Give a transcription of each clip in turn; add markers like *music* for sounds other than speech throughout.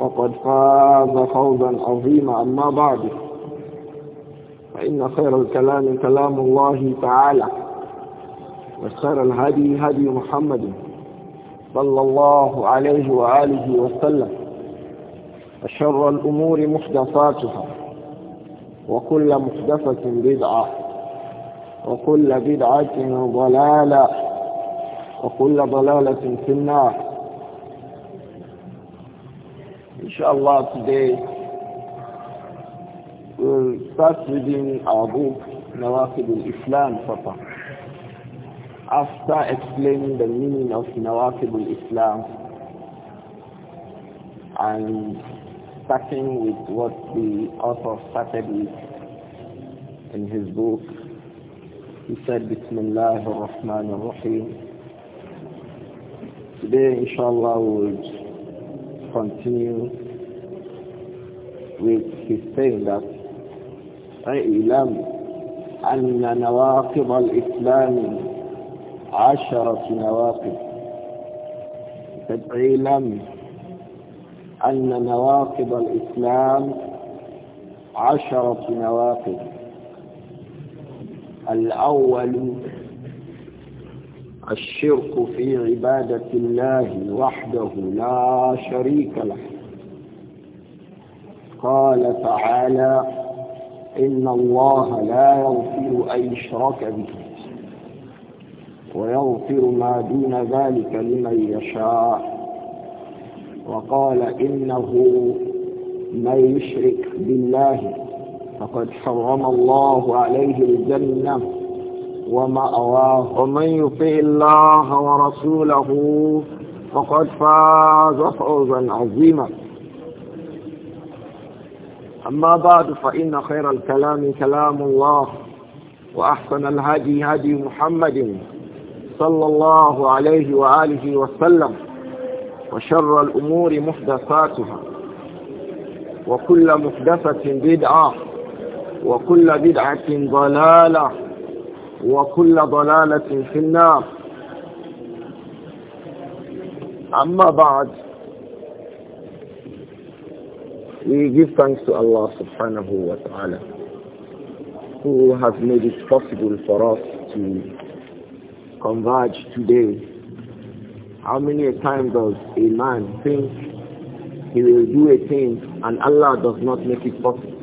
فقد فاز فوزا عظيما أما بعد فإن خير الكلام كلام الله تعالى وخير الهدي هدي محمد صلى الله عليه وآله وسلم وشر الأمور محدثاتها وكل محدثة بدعة وكل بدعة ضلالة وكل ضلالة في النار Inshallah today we'll start reading our book Nawakid al-Islam Fatah. After explaining the meaning of Nawakid al-Islam and starting with what the author started with in his book, he said Bismillah ar-Rahman ar-Rahim. Today inshallah we'll continue with his saying that اعلم أن نواقض الإسلام عشرة نواقض اعلم أن نواقض الإسلام عشرة نواقض الأول الشرك في عبادة الله وحده لا شريك له قال تعالى إن الله لا يغفر أن يشرك به ويغفر ما دون ذلك لمن يشاء وقال إنه من يشرك بالله فقد حرم الله عليه الجنة ومأواه ومن يطع الله ورسوله فقد فاز فوزا عظيما أما بعد فإن خير الكلام كلام الله وأحسن الهدي هدي محمد صلى الله عليه وآله وسلم وشر الأمور محدثاتها وكل محدثة بدعة وكل بدعة ضلالة وكل ضلالة في النار أما بعد we give thanks to Allah subhanahu wa ta'ala who has made it possible for us to converge today how many a time does a man think he will do a thing and Allah does not make it possible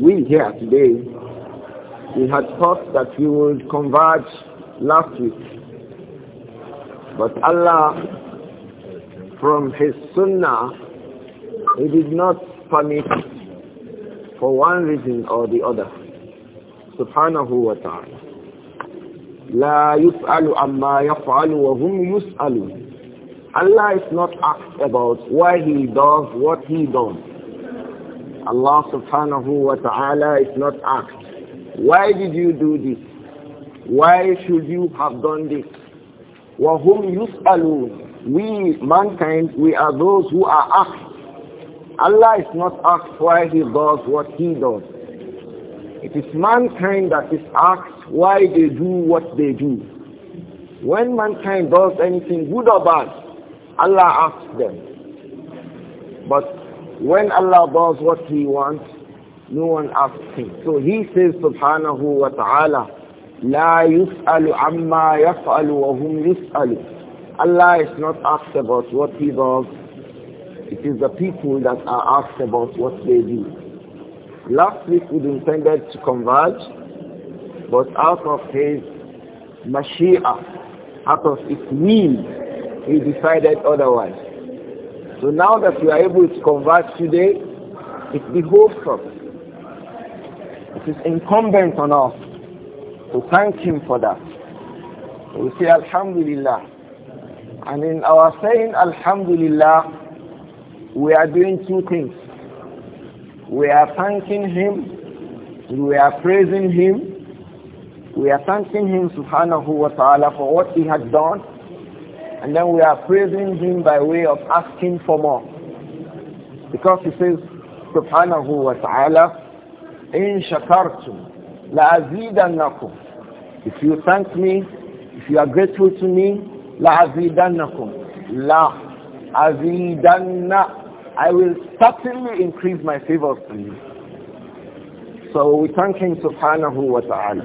we here today we had thought that we would converge last week. But Allah, from His Sunnah, He did not permit for one reason or the other. Subhanahu wa ta'ala. لا يسأل عما يفعل وهم يسألون Allah is not asked about why he does what he does. Allah subhanahu wa ta'ala is not asked. Why did you do this? Why should you have done this? you يُسْأَلُونَ We, mankind, we are those who are asked. Allah is not asked why he does what he does. It is mankind that is asked why they do what they do. When mankind does anything good or bad, Allah asks them. But when Allah does what he wants, no one asks him. So he says, subhanahu wa ta'ala, لا يسأل عما يفعل وهم يسألون Allah is not asked about what he does. It is the people that are asked about what they do. Last week we intended to converge, but out of his mashia, out of its will, he decided otherwise. So now that we are able to converge today, it behoves us it is incumbent on us to thank Him for that. We say Alhamdulillah. And in our saying Alhamdulillah, we are doing two things. We are thanking Him, we are praising Him, we are thanking Him subhanahu wa ta'ala for what He has done, and then we are praising Him by way of asking for more. Because He says subhanahu wa ta'ala, in shakartum, If you thank me, if you are grateful to me, la azidannakum. La azidanna. I will certainly increase my favors to you. So we thank him subhanahu wa ta'ala.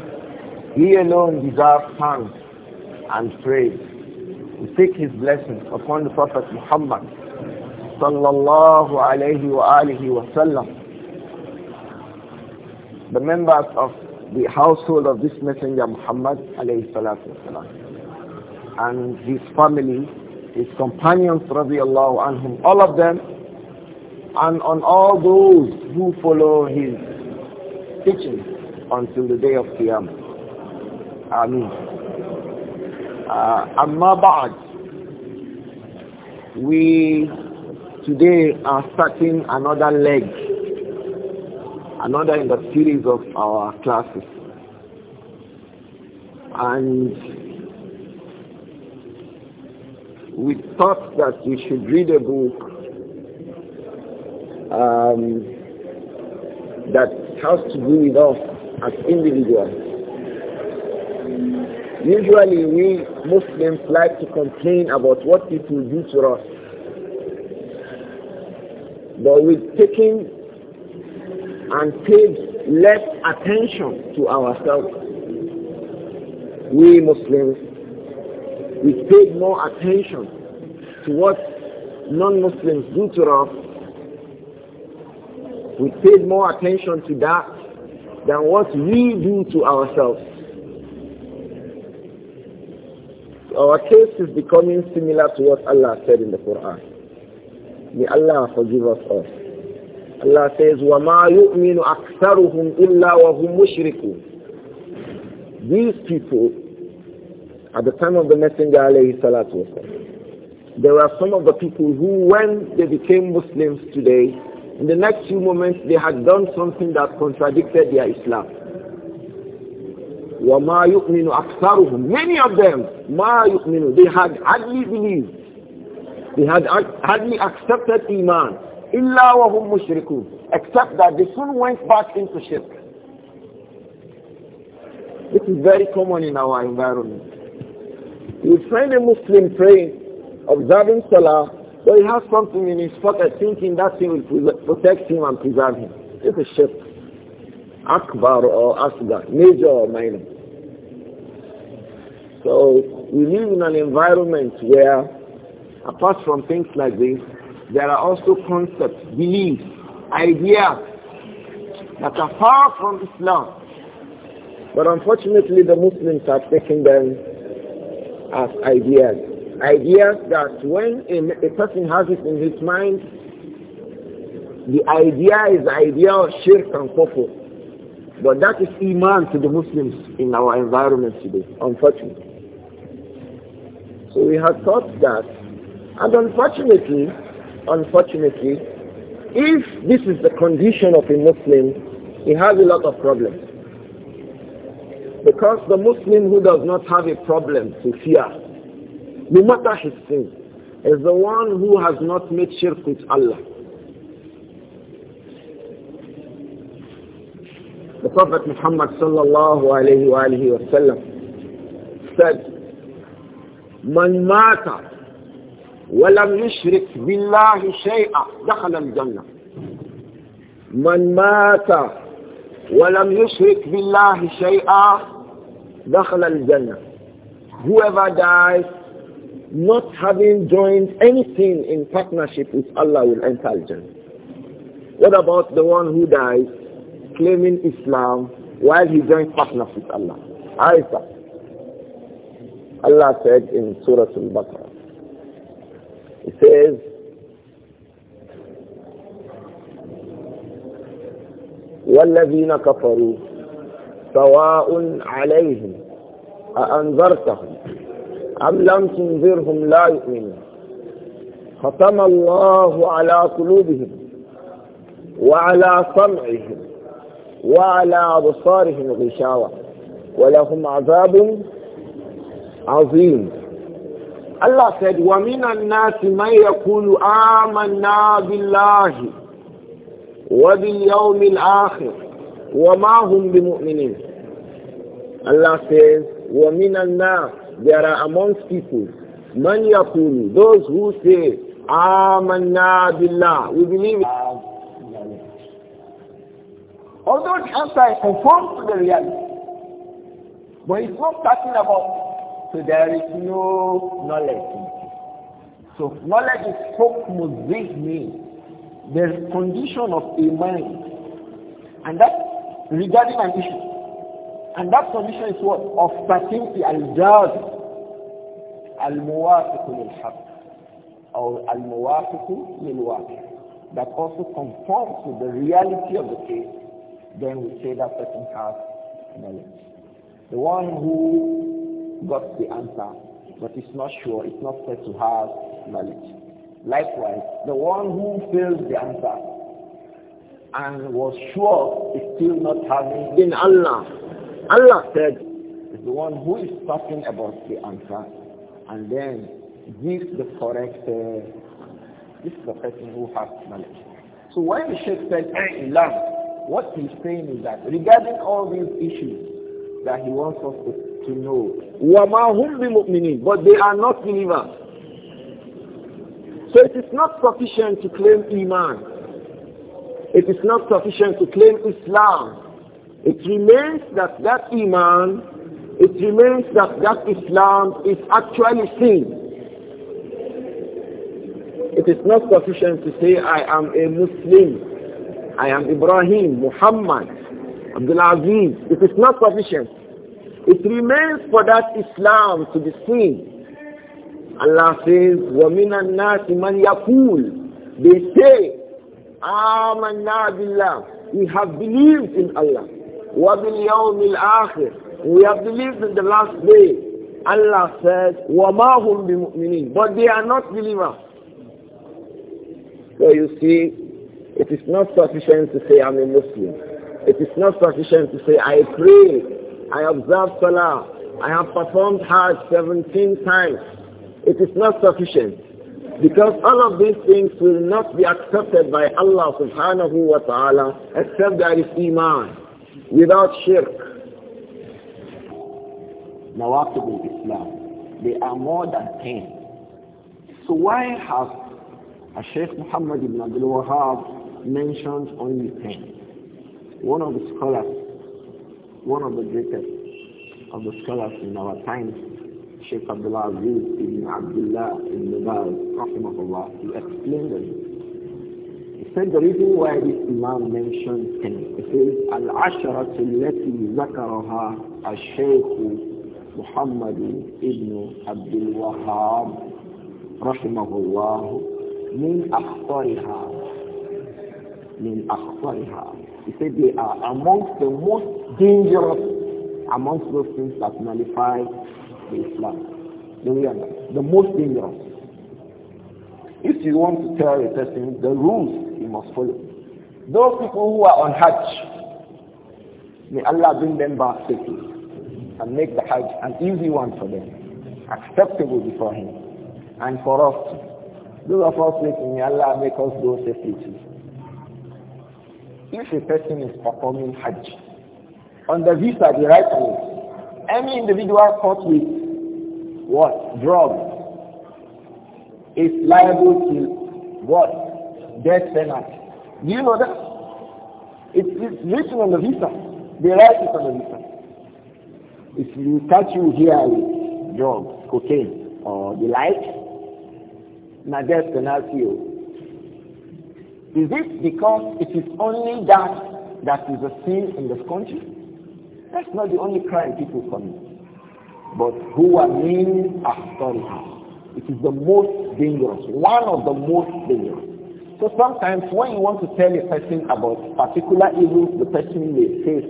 He alone deserves thanks and praise. We take his blessings upon the Prophet Muhammad sallallahu alayhi wa alihi wa sallam the members of the household of this messenger Muhammad and his family, his companions radiallahu anhum, all of them, and on all those who follow his teaching until the day of Qiyamah. Ameen. Uh, Amma Ba'ad, we today are starting another leg another in the series of our classes. And we thought that we should read a book um, that has to do with us as individuals. Usually we Muslims like to complain about what people do to us. But with taking and paid less attention to ourselves. We Muslims, we paid more attention to what non-Muslims do to us. We paid more attention to that than what we do to ourselves. Our case is becoming similar to what Allah said in the Quran. May Allah forgive us all. Allah says, وَمَا يُؤْمِنُ أَكْثَرُهُمْ إِلَّا وَهُمْ مُشْرِكُونَ These people, at the time of the Messenger alayhi salatu wasalam, there were some of the people who, when they became Muslims today, in the next few moments they had done something that contradicted their Islam. وَمَا يُؤْمِنُ أَكْثَرُهُمْ Many of them, مَا يُؤْمِنُ They had hardly believed. They had hardly accepted Iman. إِلَّا وَهُمْ mushrikun. Except that they soon went back into shirk. This is very common in our environment. You find a Muslim praying, observing Salah, but he has something in his pocket thinking that thing will protect him and preserve him. It's a shirk. Akbar or Asgar, major or minor. So we live in an environment where, apart from things like this, there are also concepts, beliefs, ideas that are far from Islam. But unfortunately, the Muslims are taking them as ideas. Ideas that when a, a person has it in his mind, the idea is idea of shirk and kufr. But that is iman to the Muslims in our environment today, unfortunately. So we have thought that, and unfortunately, unfortunately, if this is the condition of a Muslim, he has a lot of problems. Because the Muslim who does not have a problem to fear, no matter his sin, is the one who has not made shirk with Allah. The Prophet Muhammad sallallahu alayhi wa sallam said, Man mata وَلَمْ يُشْرِكْ بِاللَّهِ شَيْئًا دَخَلَ الْجَنَّةِ مَنْ مَاتَ وَلَمْ يُشْرِكْ بِاللَّهِ شَيْئًا دَخَلَ الْجَنَّةِ Whoever dies not having joined anything in partnership with Allah will enter Jannah. What about the one who dies claiming Islam while he joined partnership with Allah? Aisha. Allah said in Surah Al-Baqarah, It says, والذين كفروا سواء عليهم أأنذرتهم أم لم تنذرهم لا يؤمنون ختم الله على قلوبهم وعلى سمعهم وعلى أبصارهم غشاوة ولهم عذاب عظيم Allah said, وَمِنَ النَّاسِ مَنْ يَقُولُ آمَنَّا بِاللَّهِ وَبِالْيَوْمِ الْآخِرِ وَمَا هُمْ بِمُؤْمِنِينَ Allah says, وَمِنَ النَّاسِ There are amongst people, man يَقُولُ Those who say, آمَنَّا بِاللَّهِ We believe Although the answer is conformed to the reality, but it's not talking about so there is no knowledge. So knowledge is hukmu means the condition of a mind. And that regarding an issue. And that condition is what? Of certainty al-jaz al-muwafiq lil-haq or al-muwafiq lil that also conforms to the reality of the case then we say that person has knowledge. The one who got the answer, but it's not sure, it's not said to have knowledge. Likewise, the one who fails the answer and was sure is still not having in Allah. Allah said, is the one who is talking about the answer and then gives the correct uh, this is the person who has knowledge. So when the Sheikh said Allah," what he's saying is that regarding all these issues that he wants us to, to know, وَمَا هُمْ بِمُؤْمِنِينَ But they are not believers. So it is not sufficient to claim Iman. It is not sufficient to claim Islam. It remains that that Iman, it remains that that Islam is actually seen. It is not sufficient to say, I am a Muslim. I am Ibrahim, Muhammad, Abdul Aziz. It is not sufficient. It remains for that Islam to be seen. Allah says, وَمِنَ النَّاسِ مَنْ يَقُولُ They say, آمَنَّا بِاللَّهِ We have believed in Allah. وَبِالْيَوْمِ الْآخِرِ We have believed in the last day. Allah says, وَمَا هُمْ بِمُؤْمِنِينَ But they are not believers. So you see, it is not sufficient to say I'm a Muslim. It is not sufficient to say I pray I observe Salah. I have performed Hajj 17 times. It is not sufficient. Because all of these things will not be accepted by Allah subhanahu wa ta'ala except there is Iman, without shirk. Nawaqib al-Islam, they are more than 10. So why has Sheikh Muhammad ibn Abdul Wahab mentioned only 10? One of the scholars one of the greatest of the scholars in our time, Sheikh Abdullah Aziz ibn Abdullah ibn Baz, rahimahullah, he explained it. He said the reason why this Imam mentioned ten, it says, Al-Asharatu التي Al-Shaykh Muhammad ibn Abdul Wahab, rahimahullah, من أخطرها من أخطرها he said they are amongst the most dangerous amongst those things that nullify the Islam. The most dangerous. If you want to tell a person the rules he must follow, those people who are on Hajj, may Allah bring them back safely and make the Hajj an easy one for them, acceptable before Him and for us. Those of us making Allah make us go safely too. If a person is performing Hajj, on the visa, the right way, any individual caught with what? Drugs is liable to what? Death penalty. Do you know that? It, it's written on the visa. They write it on the visa. If you catch you here with drugs, cocaine, or the like, can death penalty. Oh. Is it because it is only that that is a sin in this country? That's not the only crime people commit. But who are mean akhtarha. It is the most dangerous, one of the most dangerous. So sometimes when you want to tell a person about particular evils the person may face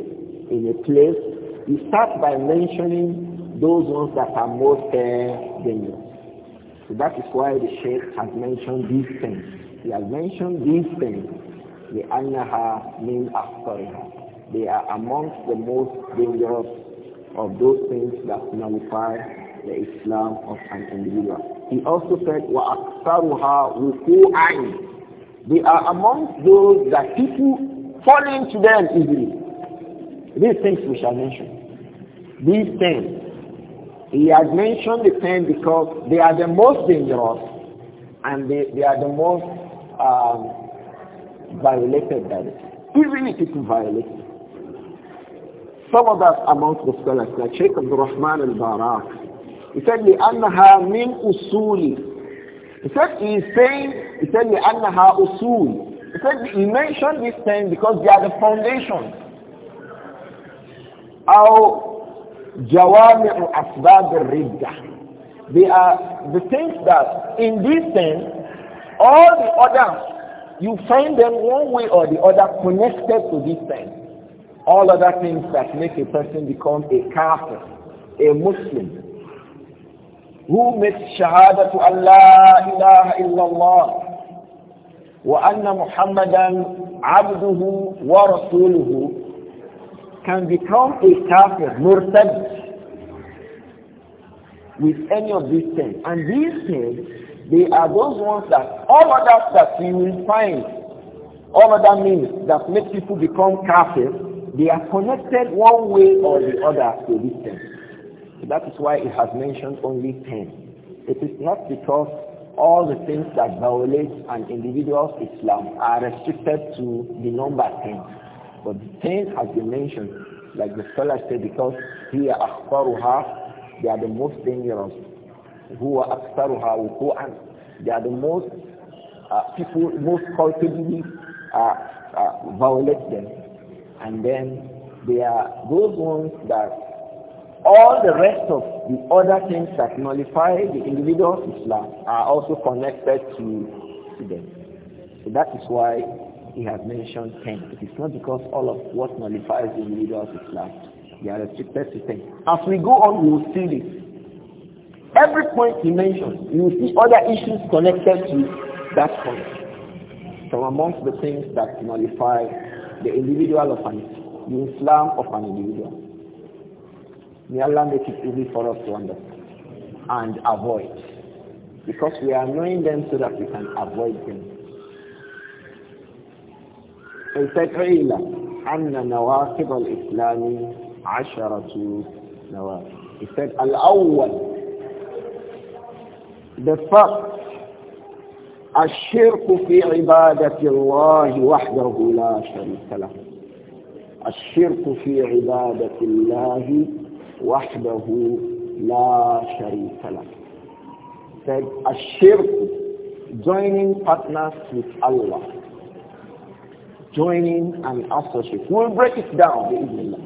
in a place, you start by mentioning those ones that are most uh, dangerous. So that is why the Sheikh has mentioned these things. He has mentioned these things. لِأَنَّهَا مِنْ أَخْطَرِهَا They are amongst the most dangerous of those things that nullify the Islam of an individual. He also said, "Wa وَأَكْثَرُهَا وُقُوعًا They are amongst those that people fall into them easily. These things we shall mention. These things. He has mentioned the ten because they are the most dangerous and they, they are the most um, violated by this. Even if it is violated. Some of that amongst the scholars, like Sheikh Abdul Rahman al-Barak, he said, لِأَنَّهَا مِنْ أُصُولِ He said, he is saying, he said, لِأَنَّهَا أُصُولِ He said, he mentioned this thing because they are the foundation. أو جوامع أسباب الردة. They are the things that, in this sense, all the others, you find them one way or the other connected to this thing. All other things that make a person become a kafir, a Muslim, who makes shahada to Allah ilaha illallah wa anna Muhammadan abduhu wa rasuluhu can become a kafir, murtad, with any of these things. And these things they are those ones that all of that that you will find, all other that means that make people become captive, they are connected one way or the other to this thing. That is why it has mentioned only 10. It is not because all the things that violate an individual's Islam are restricted to the number 10. But 10 has been mentioned, like the scholar said, because here, أخطرها, they are the most dangerous huwa aksaruha wuku'an. They are the most uh, people, most culpably uh, uh, violate them. And then they are those ones that all the rest of the other things that nullify the individual Islam are also connected to, to them. So that is why he has mentioned 10. It is not because all of what nullifies the individual left. We are restricted to 10. As we go on, we will see this. Every point he mentions, you will see other issues connected to that point. From amongst the things that nullify the individual of an the Islam of an individual. May Allah make it easy for us to understand and avoid. Because we are knowing them so that we can avoid them. التكعيلة أن نواقض الإسلام عشرة نواقض. الأول the fact الشرك في عبادة الله وحده لا شريك له الشرك في عبادة الله وحده لا شريك له said الشرك joining partners with Allah joining an associate we'll break it down بإذن الله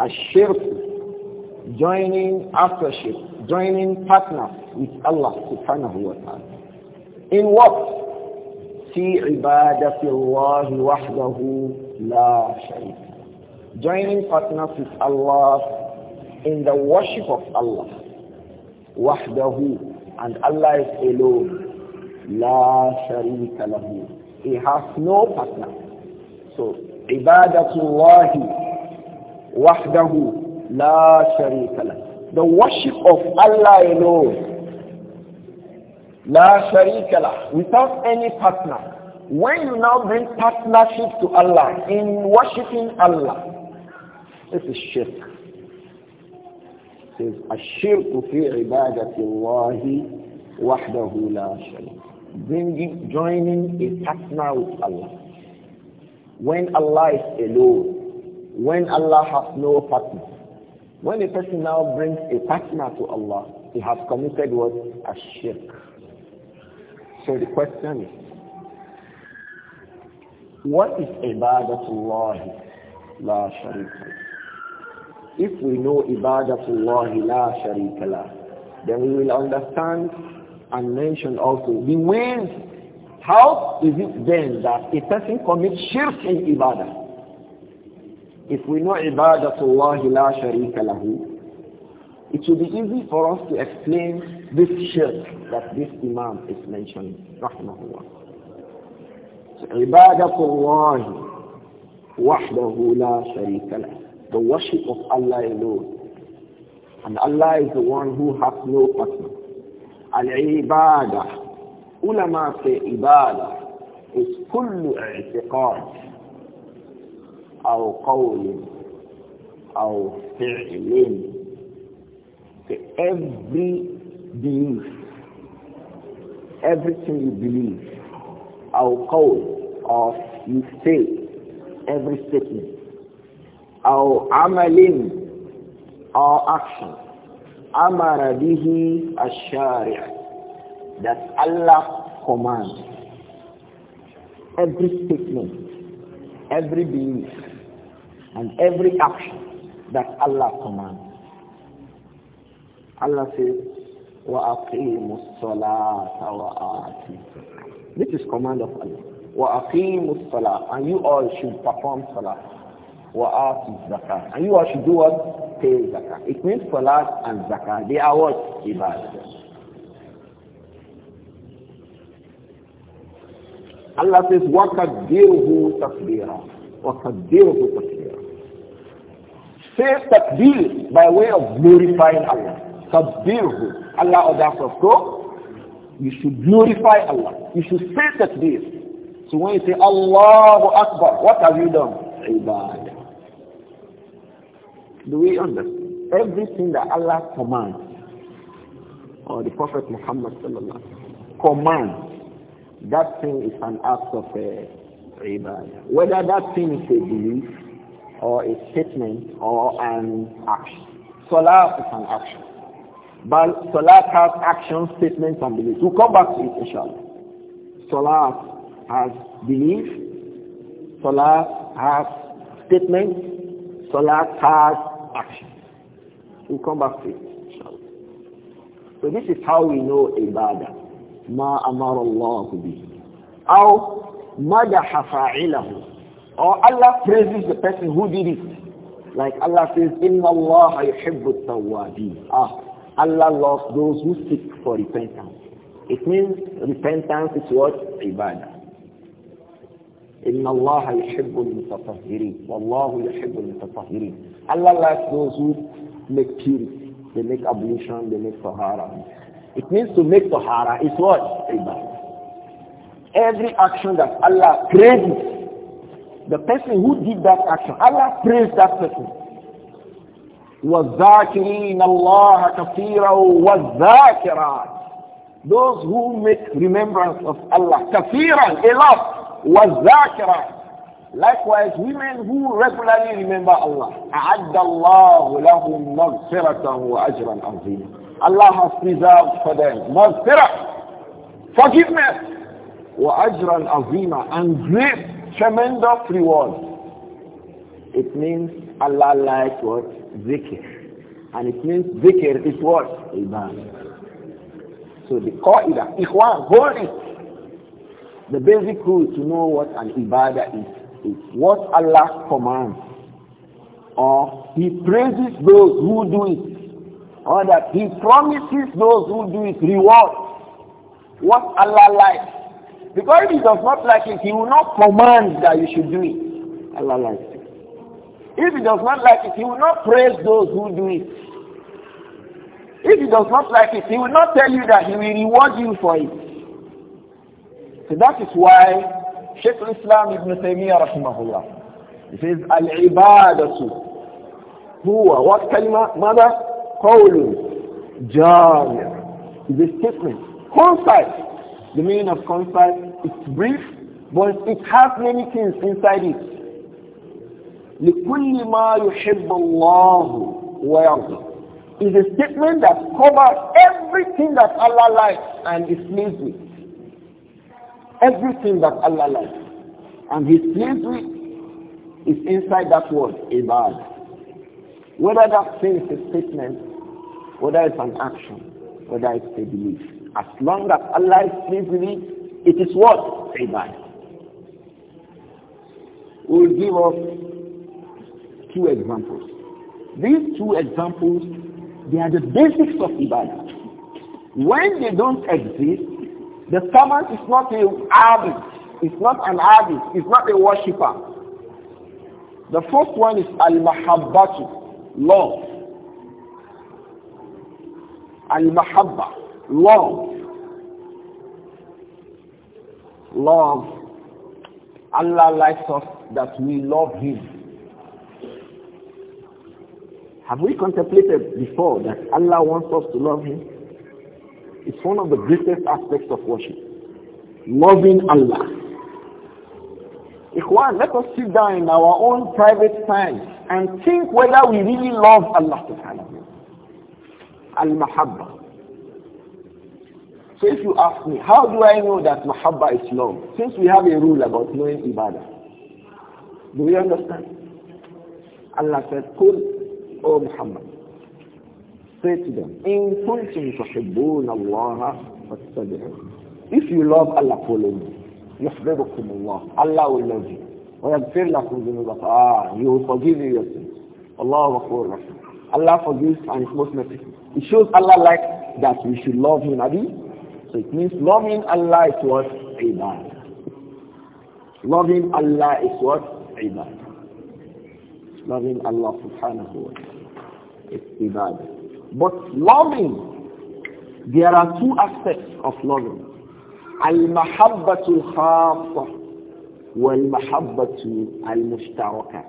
الشرك joining associate joining partners with Allah subhanahu wa ta'ala. In what? في عبادة الله وحده لا شريك Joining partners with Allah in the worship of Allah. وحده and Allah is alone. لا شريك له. He has no partner. So عبادة الله وحده لا شريك له the worship of Allah alone. La sharikala, without any partner. When you now bring partnership to Allah in worshipping Allah, this is shirk. It says, الشرك في عبادة الله وحده لا شريك bringing, joining a partner with Allah. When Allah is alone, when Allah has no partner, when a person now brings a partner to Allah, he has committed what? A shirk. So the question is, what is ibadatullah la sharika If we know ibadatullah la sharika la, then we will understand and mention also the ways, how is it then that a person commits shirk in ibadah? If we know ibadatullah la sharika lahu, it will be easy for us to explain this shirk that this Imam is mentioning. Rahmahullah. So, ibadatullah wahdahu la sharika lahu. The worship of Allah alone. And Allah is the one who has no partner. Al-ibadah. Ulama say ibadah is kullu i'tiqad. أو قول أو فعل every belief everything you believe أو قول or you say every statement أو عمل or action أمر به الشارع that Allah commands every statement every belief and every action that Allah commands. Allah says, وَأَقِيمُ الصَّلَاةَ وَآتِ This is command of Allah. وَأَقِيمُ الصَّلَاةَ And you all should perform salah. وَآتِ zakat. And you all should do what? Pay zakat. It means salah and zakat. They are what? Ibadah. Allah says, وَكَدِّرْهُ تَكْبِيرًا وَكَدِّرْهُ تَكْبِيرًا Say takbir by way of glorifying Allah. Takbirhu. Allah or act of go. You should glorify Allah. You should say takbir. So when you say Allahu Akbar, what have you done? Ibadah. Do we understand? Everything that Allah commands, or the Prophet Muhammad commands, that thing is an act of uh, ibadah. Whether that thing is a belief, or a statement or an action. Salah is an action. But Salah has action, statements, and beliefs. We'll come back to it, inshallah. Salah has belief. Salah has statements. Salah has action. We'll come back to it, inshallah. So this is how we know ibadah. Ma أمر الله به أو مدح فاعله or Allah praises the person who did it. Like Allah says, Inna Allah yuhibbu tawwabin. Ah, Allah loves those who seek for repentance. It means repentance is what? Ibadah. Inna Allah yuhibbu al-mutatahhirin. Wallahu yuhibbu al Allah loves those who make purity. They make ablution, they make tahara. It means to make tahara is what? Ibadah. Every action that Allah praises the person who did that action, Allah praised that person. وَالذَّاكِرِينَ اللَّهَ كَثِيرًا وَالذَّاكِرَاتِ Those who make remembrance of Allah, كَثِيرًا, a lot, وَالذَّاكِرَاتِ Likewise, women who regularly remember Allah, أَعَدَّ اللَّهُ لَهُمْ مَغْفِرَةً وَأَجْرًا عَظِيمًا Allah has preserved for them مغفرة, forgiveness, وَأَجْرًا عَظِيمًا, and grace Tremendous reward. It means Allah likes what? Zikr. And it means zikr is what? Ibadah. So the qaida, ikhwan, hold it. The basic rule to know what an ibadah is, is what Allah commands. Or He praises those who do it. Or that He promises those who do it reward. What Allah likes. Because if he does not like it, he will not command that you should do it. Allah likes it. If he does not like it, he will not praise those who do it. If he does not like it, he will not tell you that he will reward you for it. So that is why Sheikh Islam Ibn Taymiyyah rahimahullah, he says, Al-ibadatu huwa, what kalima? Mother? Qawlun. Jami'ah. Is a statement. Concise. The meaning of compact is brief, but it has many things inside it. لِكُلِّ مَا يُحِبُّ اللَّهُ وَيَرْضَى is a statement that covers everything that Allah likes and is pleased with. Everything that Allah likes and is pleased with is inside that word, ibad. Whether that thing is a statement, whether it's an action, whether it's a belief. As long as Allah is pleased with it, it is what? Ibadah. We'll give us two examples. These two examples, they are the basics of Ibadah. When they don't exist, the servant is not a abid, it's not an abid, it's not a worshipper. The first one is al-mahabbatu, love. al mahabbah love love Allah likes us that we love him have we contemplated before that Allah wants us to love him it's one of the greatest aspects of worship loving Allah Ikhwan, let us sit down in our own private time and think whether we really love Allah subhanahu wa ta'ala. al mahabbah. So if you ask me, how do I know that mahabba is love? Since we have a rule about knowing ibadah. Do we understand? Allah said, Kul, O Muhammad. Say to them, In kuntum tuhibbun Allah fattabi'un. If you love Allah, follow me. يحببكم الله. Allah will love you. ويغفر لكم ذنوبكم. Ah, He will forgive you your sins. Allah غفور رحيم. Allah forgives and is most merciful. It shows Allah likes that we should love Him, Abi. So it means loving Allah is what? Ibadah. Loving Allah is what? Ibadah. Loving Allah subhanahu wa ta'ala is ibadah. But loving, there are two aspects of loving. المحبة الخاصة والمحبة المشتركة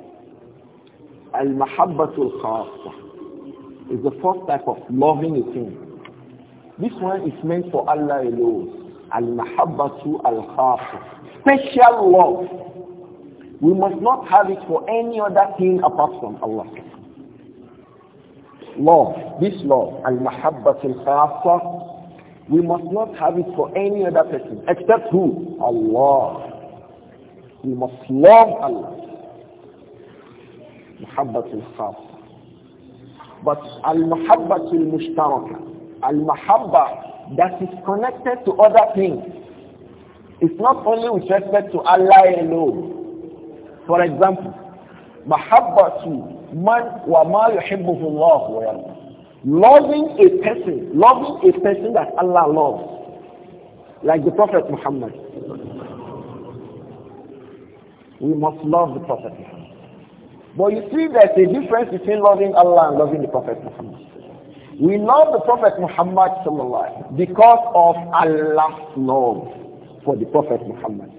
المحبة الخاصة is the first type of loving a thing this one is meant for Allah alone. Al-mahabbatu al-khafu. Special love. We must not have it for any other thing apart from Allah. Love, this love, al-mahabbatu al-khafu, we must not have it for any other person except who? Allah. We must love Allah. Muhabbatul khas. But al al mushtaraka. Al-Mahabba that is connected to other things. It's not only with respect to Allah alone. For example, to man wa ma yuhibbuhu Allah wa Loving a person, loving a person that Allah loves. Like the Prophet Muhammad. We must love the Prophet Muhammad. But you see there's a difference between loving Allah and loving the Prophet Muhammad. We love the Prophet Muhammad because of Allah's love for the Prophet Muhammad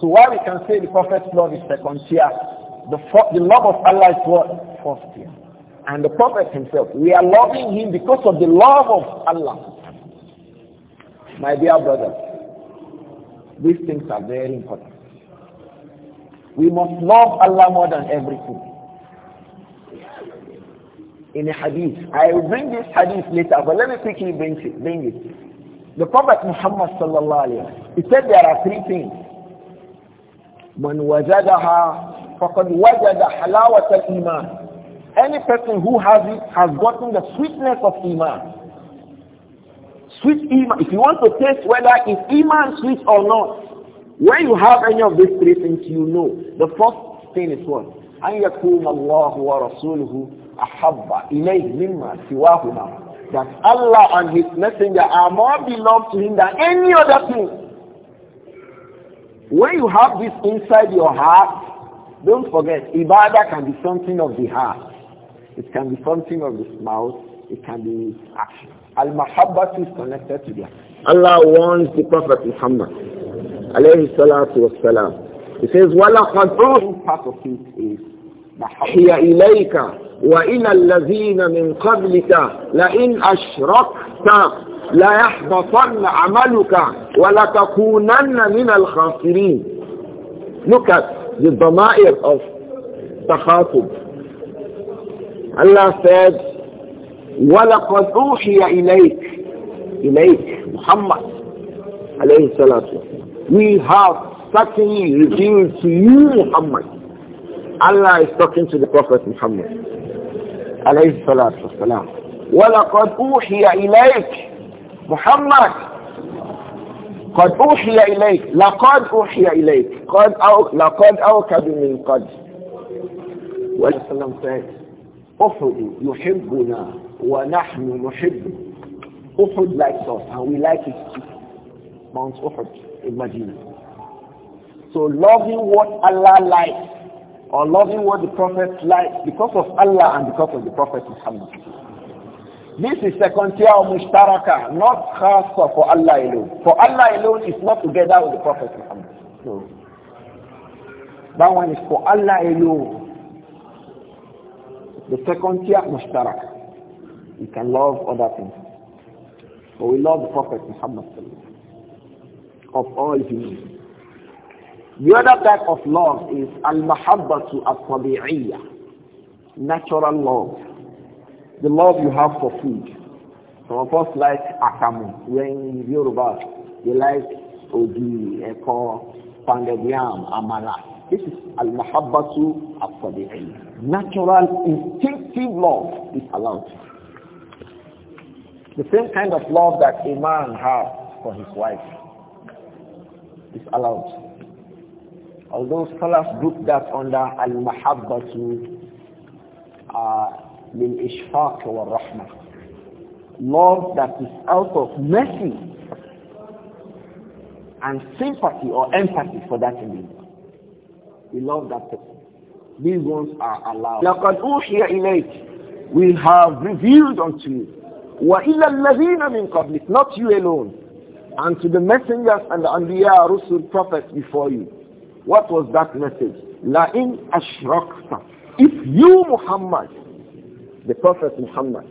So why we can say the Prophet's love is second tier, the, the love of Allah is what? First tier. And the Prophet himself, we are loving him because of the love of Allah. My dear brothers, these things are very important. We must love Allah more than everything in a hadith. I will bring this hadith later, but let me quickly bring it. Bring it. The Prophet Muhammad sallallahu alaihi wasallam. He said there are three things. Man wajadaha faqad wajada halawat iman Any person who has it has gotten the sweetness of iman. Sweet iman. If you want to taste whether is iman sweet or not, when you have any of these three things, you know. The first thing is what? أن يكون الله ورسوله ahabba ilayhi mimma siwahuma that Allah and his messenger are more beloved to him than any other thing when you have this inside your heart don't forget ibadah can be something of the heart it can be something of the mouth it can be action al-mahabba is connected to that Allah warns the prophet Muhammad alayhi salatu wa salam he says wala qad part of it is أحي إليك وإلى الذين من قبلك لئن أشركت ليحبطن عملك ولتكونن من الخاسرين Look at the ضمائر of تخاطب الله said ولقد أوحي إليك إليك محمد عليه الصلاة والسلام We have certainly revealed to you Muhammad Allah is talking to the Prophet Muhammad. Alayhi salatu wasalam. وَلَقَدْ أُوحِيَ إِلَيْكَ Muhammad قد أوحي إليك لقد أوحي إليك قد أو لقد أوكب من قد والسلام said أحد يحبنا ونحن نحب أحد likes us and we like it too Mount Uhud in Medina so loving what Allah likes or loving what the Prophet likes because of Allah and because of the Prophet Muhammad. This is second tier of mushtaraka, not khasa for Allah alone. For Allah alone is not together with the Prophet Muhammad. No. That one is for Allah alone. The second tier mustaraka, You can love other things. But we love the Prophet Muhammad of all humans. The other type of love is al-mahabbatu al-tabi'iyya, natural love, the love you have for food. Some of us like akamu, when Yoruba, they like odi, eko, pounded yam, amala. This is al-mahabbatu al-tabi'iyya. Natural, instinctive love is allowed. The same kind of love that a man has for his wife is allowed. Although scholars group that under al-mahabbatu lil uh, ishfaq wal rahmah. Love that is out of mercy and sympathy or empathy for that individual. We love that person. These ones are allowed. لَقَدْ أُوحِيَ إِلَيْكَ We have revealed unto you. وَإِلَّا الَّذِينَ مِنْ قَبْلِكَ Not you alone. And to the messengers and the anbiya, rusul, prophets before you. What was that message? La in ashrakta. If you, Muhammad, the Prophet Muhammad,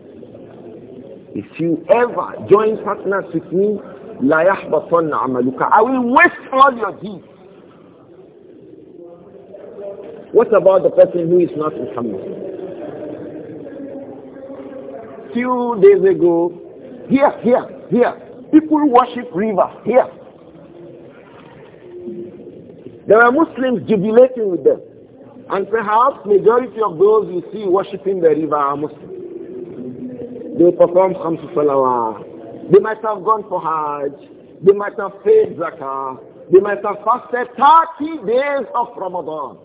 if you ever join partners with me, la yahbatanna amaluka. I will waste all your deeds. What about the person who is not Muhammad? Few days ago, here, here, here, people worship rivers. here, there are Muslims jubilating with them. And perhaps majority of those you see worshipping the river are Muslims. They perform Khamsu Salawah. They might have gone for Hajj. They might have paid Zakah. They might have fasted 30 days of Ramadan.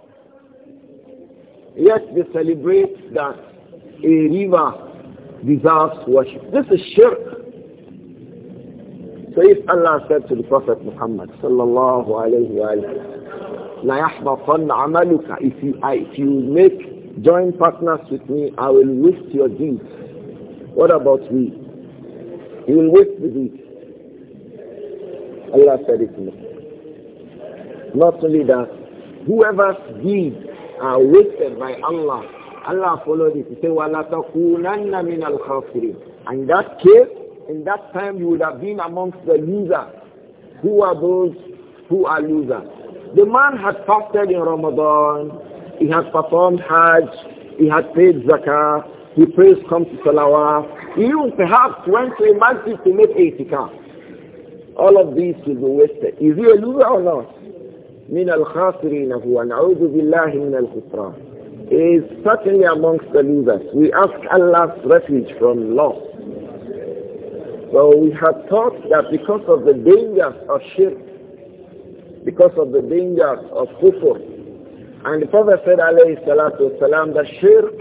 Yet they celebrate that a river deserves worship. This is shirk. So if Allah said to the Prophet Muhammad sallallahu alayhi wa if you, if you make joint partners with me, I will waste your deeds. What about me? You will waste the deeds. Allah said it to me. Not only that, whoever's deeds are wasted by Allah, Allah followed it. He said, وَلَتَكُونَنَّ مِنَ الْخَاسِرِينَ And in that case, in that time you would have been amongst the losers. Who are those who are losers? The man had fasted in Ramadan, he had performed Hajj, he had paid Zakah, he prayed, come to Salawah, he even perhaps went to a masjid to make itikaf. All of these will be wasted. Is he a loser or not? من الخاسرين هو نعوذ بالله من الخسران is certainly amongst the losers. We ask Allah's refuge from loss. So we had thought that because of the dangers of shirk because of the danger of kufr. And the Prophet said, alayhi salatu wasalam, that shirk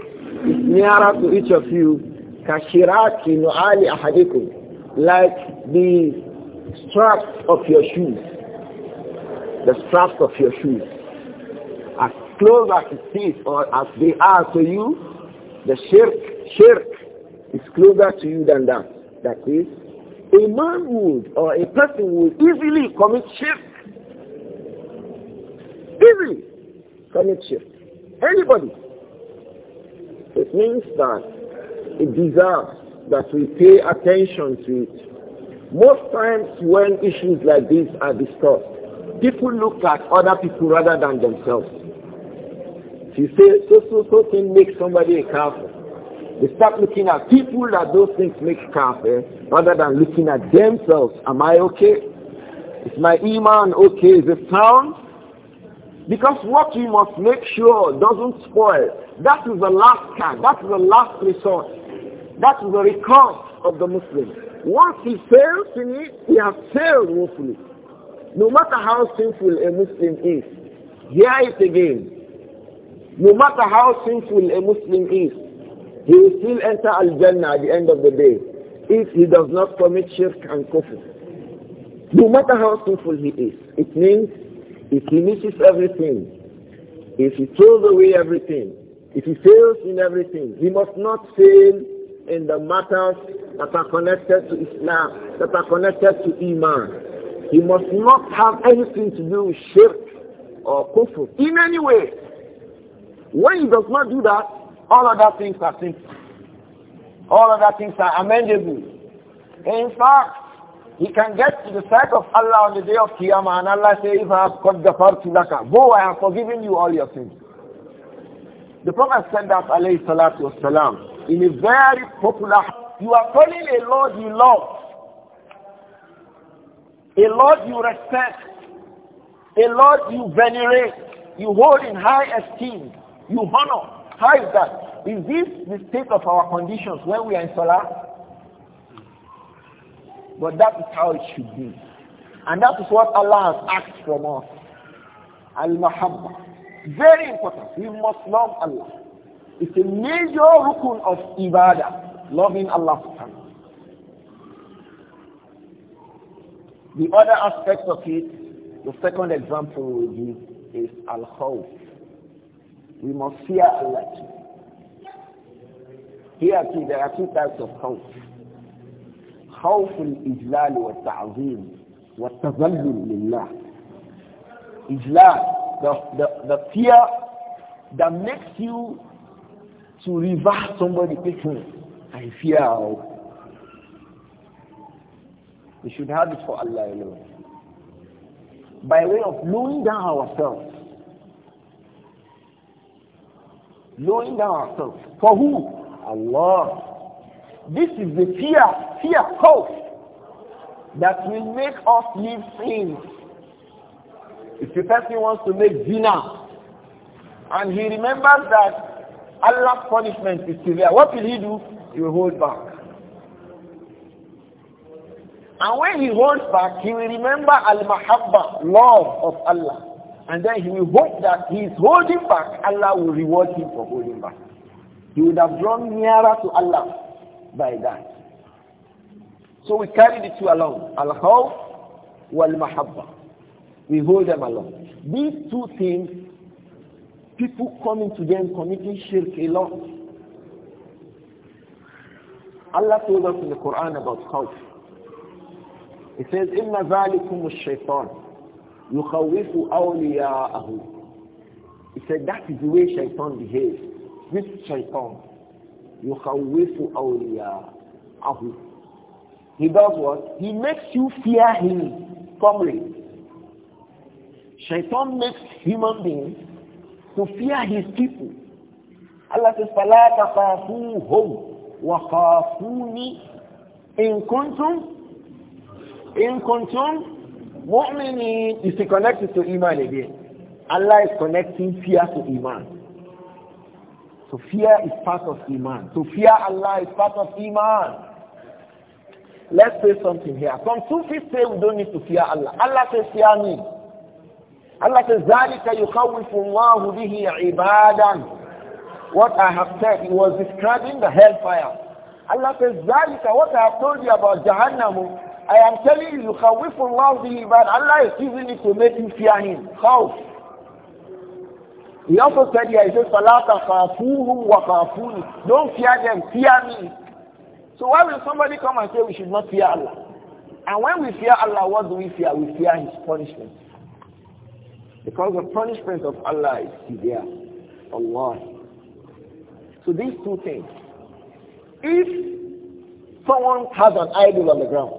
is nearer to each of you, kashiraki nu'ali ahadikum, like the straps of your shoes. The straps of your shoes. As close as it is or as they are to you, the shirk, shirk is closer to you than that. That is, a man would or a person would easily commit shirk easily commit shirk. Anybody. It means that it deserves that we pay attention to it. Most times when issues like this are discussed, people look at other people rather than themselves. If you say so so so can make somebody a kafir, they start looking at people that those things make kafir rather than looking at themselves. Am I okay? Is my iman okay? Is it sound? Because what we must make sure doesn't spoil, that is the last card, that is the last resort. That is the recourse of the Muslim. Once he fails in it, he has failed woefully. No matter how sinful a Muslim is, hear it again. No matter how sinful a Muslim is, he will still enter Al-Jannah at the end of the day if he does not commit shirk and kufr. No matter how sinful he is, it means if he misses everything, if he throws away everything, if he fails in everything, he must not fail in the matters that are connected to Islam, that are connected to Iman. He must not have anything to do with shirk or kufr in any way. When he does not do that, all other things are simple. All other things are amendable. In fact, he can get to the sight of Allah on the day of Qiyamah and Allah say, if I have cut the part laka, go, I have forgiven you all your sins. The Prophet said that, alayhi salatu wasalam, in a very popular, you are calling a Lord you love, a Lord you respect, a Lord you venerate, you hold in high esteem, you honor. How is that? Is this the state of our conditions when we are in Salah? But that is how it should be. And that is what Allah has asked from us. Al-Mahabba. Very important. We must love Allah. It's a major rukun of ibadah, loving Allah The other aspect of it, the second example we give is al khawf We must fear Allah. Here too, there are two types of khawf. خوف الإجلال والتعظيم والتذلل لله إجلال the, the, the fear that makes you to revert somebody I fear we should have it for Allah alone by way of lowering down ourselves lowering down ourselves for who? Allah this is the fear, fear, hope that will make us leave sin. If a person wants to make zina and he remembers that Allah's punishment is severe, what will he do? He will hold back. And when he holds back, he will remember al-mahabba, love of Allah. And then he will hope that he is holding back, Allah will reward him for holding back. He would have drawn nearer to Allah by that. So we carry the two along, al-khawf wal-mahabba. We hold them along. These two things, people coming to them committing shirk a lot. Allah told us in the Quran about khawf. He says, إِنَّ ذَلِكُمُ الشَّيْطَانِ yukhawifu awliya'ahu he said that is the way shaitan behaves this shaitan يخوف أولياءه He does what? He makes you fear him. Comrade. Shaitan makes human beings to fear his people. Allah says, فَلَا تَخَافُوهُمْ وَخَافُونِي إِن كُنْتُمْ إِن What meaning Is connected to Iman again. Allah is connecting fear to Iman. So fear is part of Iman. To fear Allah is part of Iman. Let's say something here. Some Sufis say we don't need to fear Allah. Allah says fear me. Allah says, ذَلِكَ يُخَوِّفُ اللَّهُ بِهِ عِبَادًا What I have said, he was describing the hellfire. Allah says, ذَلِكَ What I have told you about Jahannam, I am telling you, يُخَوِّفُ اللَّهُ بِهِ عِبَادًا Allah is using it to make you fear him. How? He also said here, he says, Don't fear them, fear me. So why will somebody come and say we should not fear Allah? And when we fear Allah, what do we fear? We fear His punishment. Because the punishment of Allah is severe. Allah. So these two things. If someone has an idol on the ground,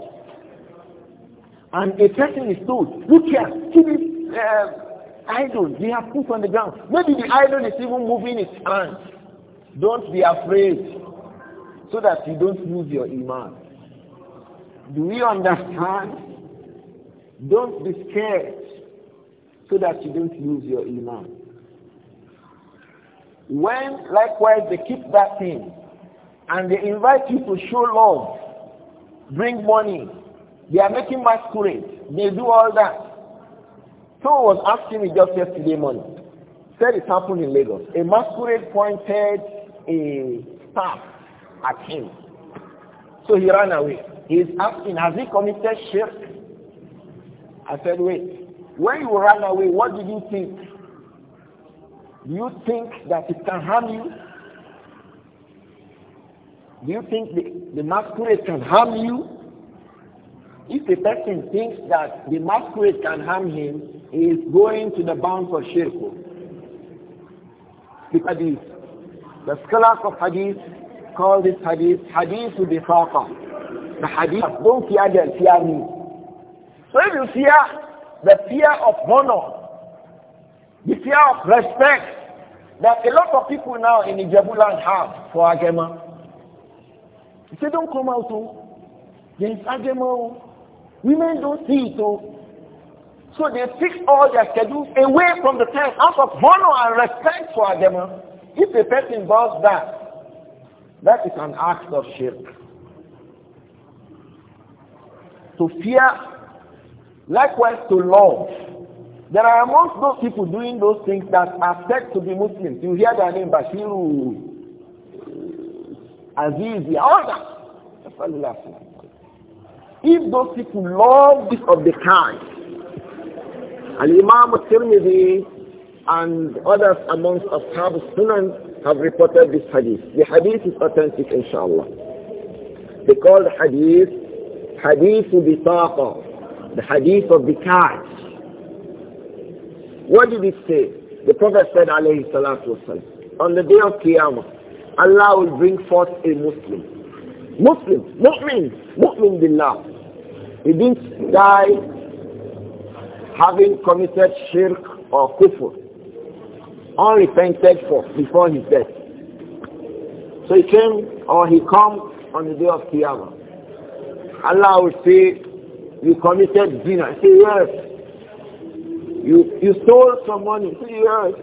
and a person is told, look here, keep it, uh, idols. They have put on the ground. Maybe the idol is even moving its hand. Don't be afraid so that you don't lose your iman. Do you understand? Don't be scared so that you don't lose your iman. When likewise they keep that thing and they invite you to show love, bring money, they are making masquerade, they do all that. Someone was asking me just yesterday morning. Said it happened in Lagos. A masquerade pointed a staff at him. So he ran away. He is asking, has he committed shirk? I said, wait. When you ran away, what did you think? Do you think that it can harm you? Do you think the, the masquerade can harm you? If a person thinks that the masquerade can harm him, he is going to the bound of shirk. The hadith. The scholars of hadith call this hadith hadith to be The hadith of don't fear them, fear me. So if you fear the fear of honor, the fear of respect that a lot of people now in Ijebuland have for Agema, they don't come out, oh, there is Agema, oh. Women don't see it though. So they fix all their schedules away from the time out of honor and respect for them. If a person does that, that is an act of shirk. To fear, likewise to love. There are amongst those people doing those things that are said to be Muslims. You hear their name, Bashiru, Azizi, all that. If those people love this of the kind, and Imam Tirmidhi and others amongst Ashab Sunan have reported this hadith. The hadith is authentic, inshallah. They call the hadith Hadith of the hadith of the kind. What did it say? The Prophet said, alayhi salatu on the day of Qiyamah, Allah will bring forth a Muslim. Muslim, mu'min, mu'min billah. He didn't die having committed shirk or kufr, unrepented for before his death. So he came or he comes on the day of Qiyamah. Allah will say, you committed zina. Say yes. You you stole some money. Say yes.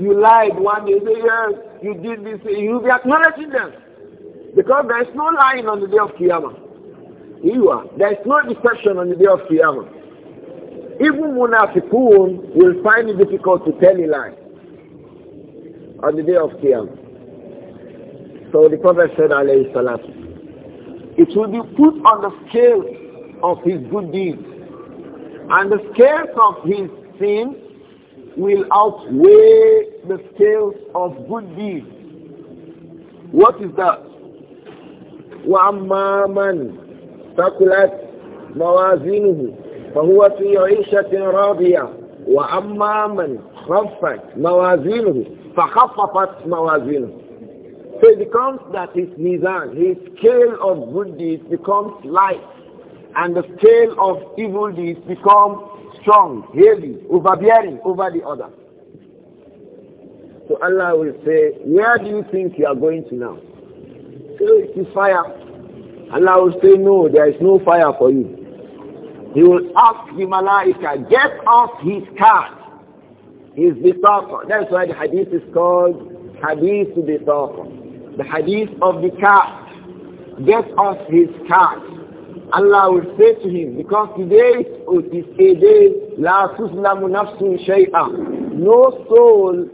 You lied one day. Say yes. You did this. You'll be acknowledging them because there is no lying on the day of Qiyamah. There is no deception on the day of Qiyamah. Even Munafiqun will find it difficult to tell a lie on the day of Qiyamah. So the Prophet said, alayhi it will be put on the scale of his good deeds. And the scales of his sins will outweigh the scales of good deeds. What is that? وَأَمَّا مَنْ ثقلت موازينه فهو في عيشة راضية وأما من خفت موازينه فخففت موازينه So it becomes that his mizan, his scale of good deeds becomes light and the scale of evil deeds becomes strong, heavy, overbearing over the other. So Allah will say, where do you think you are going to now? So it's fire. Allah will say, no, there is no fire for you. He will ask the Malaika, get off his cart. His bitaqa. That's why the hadith is called hadith bitaqa. The hadith of the cart. Get off his cart. Allah will say to him, because today it is a day, la tuslamu nafsun shay'a. No soul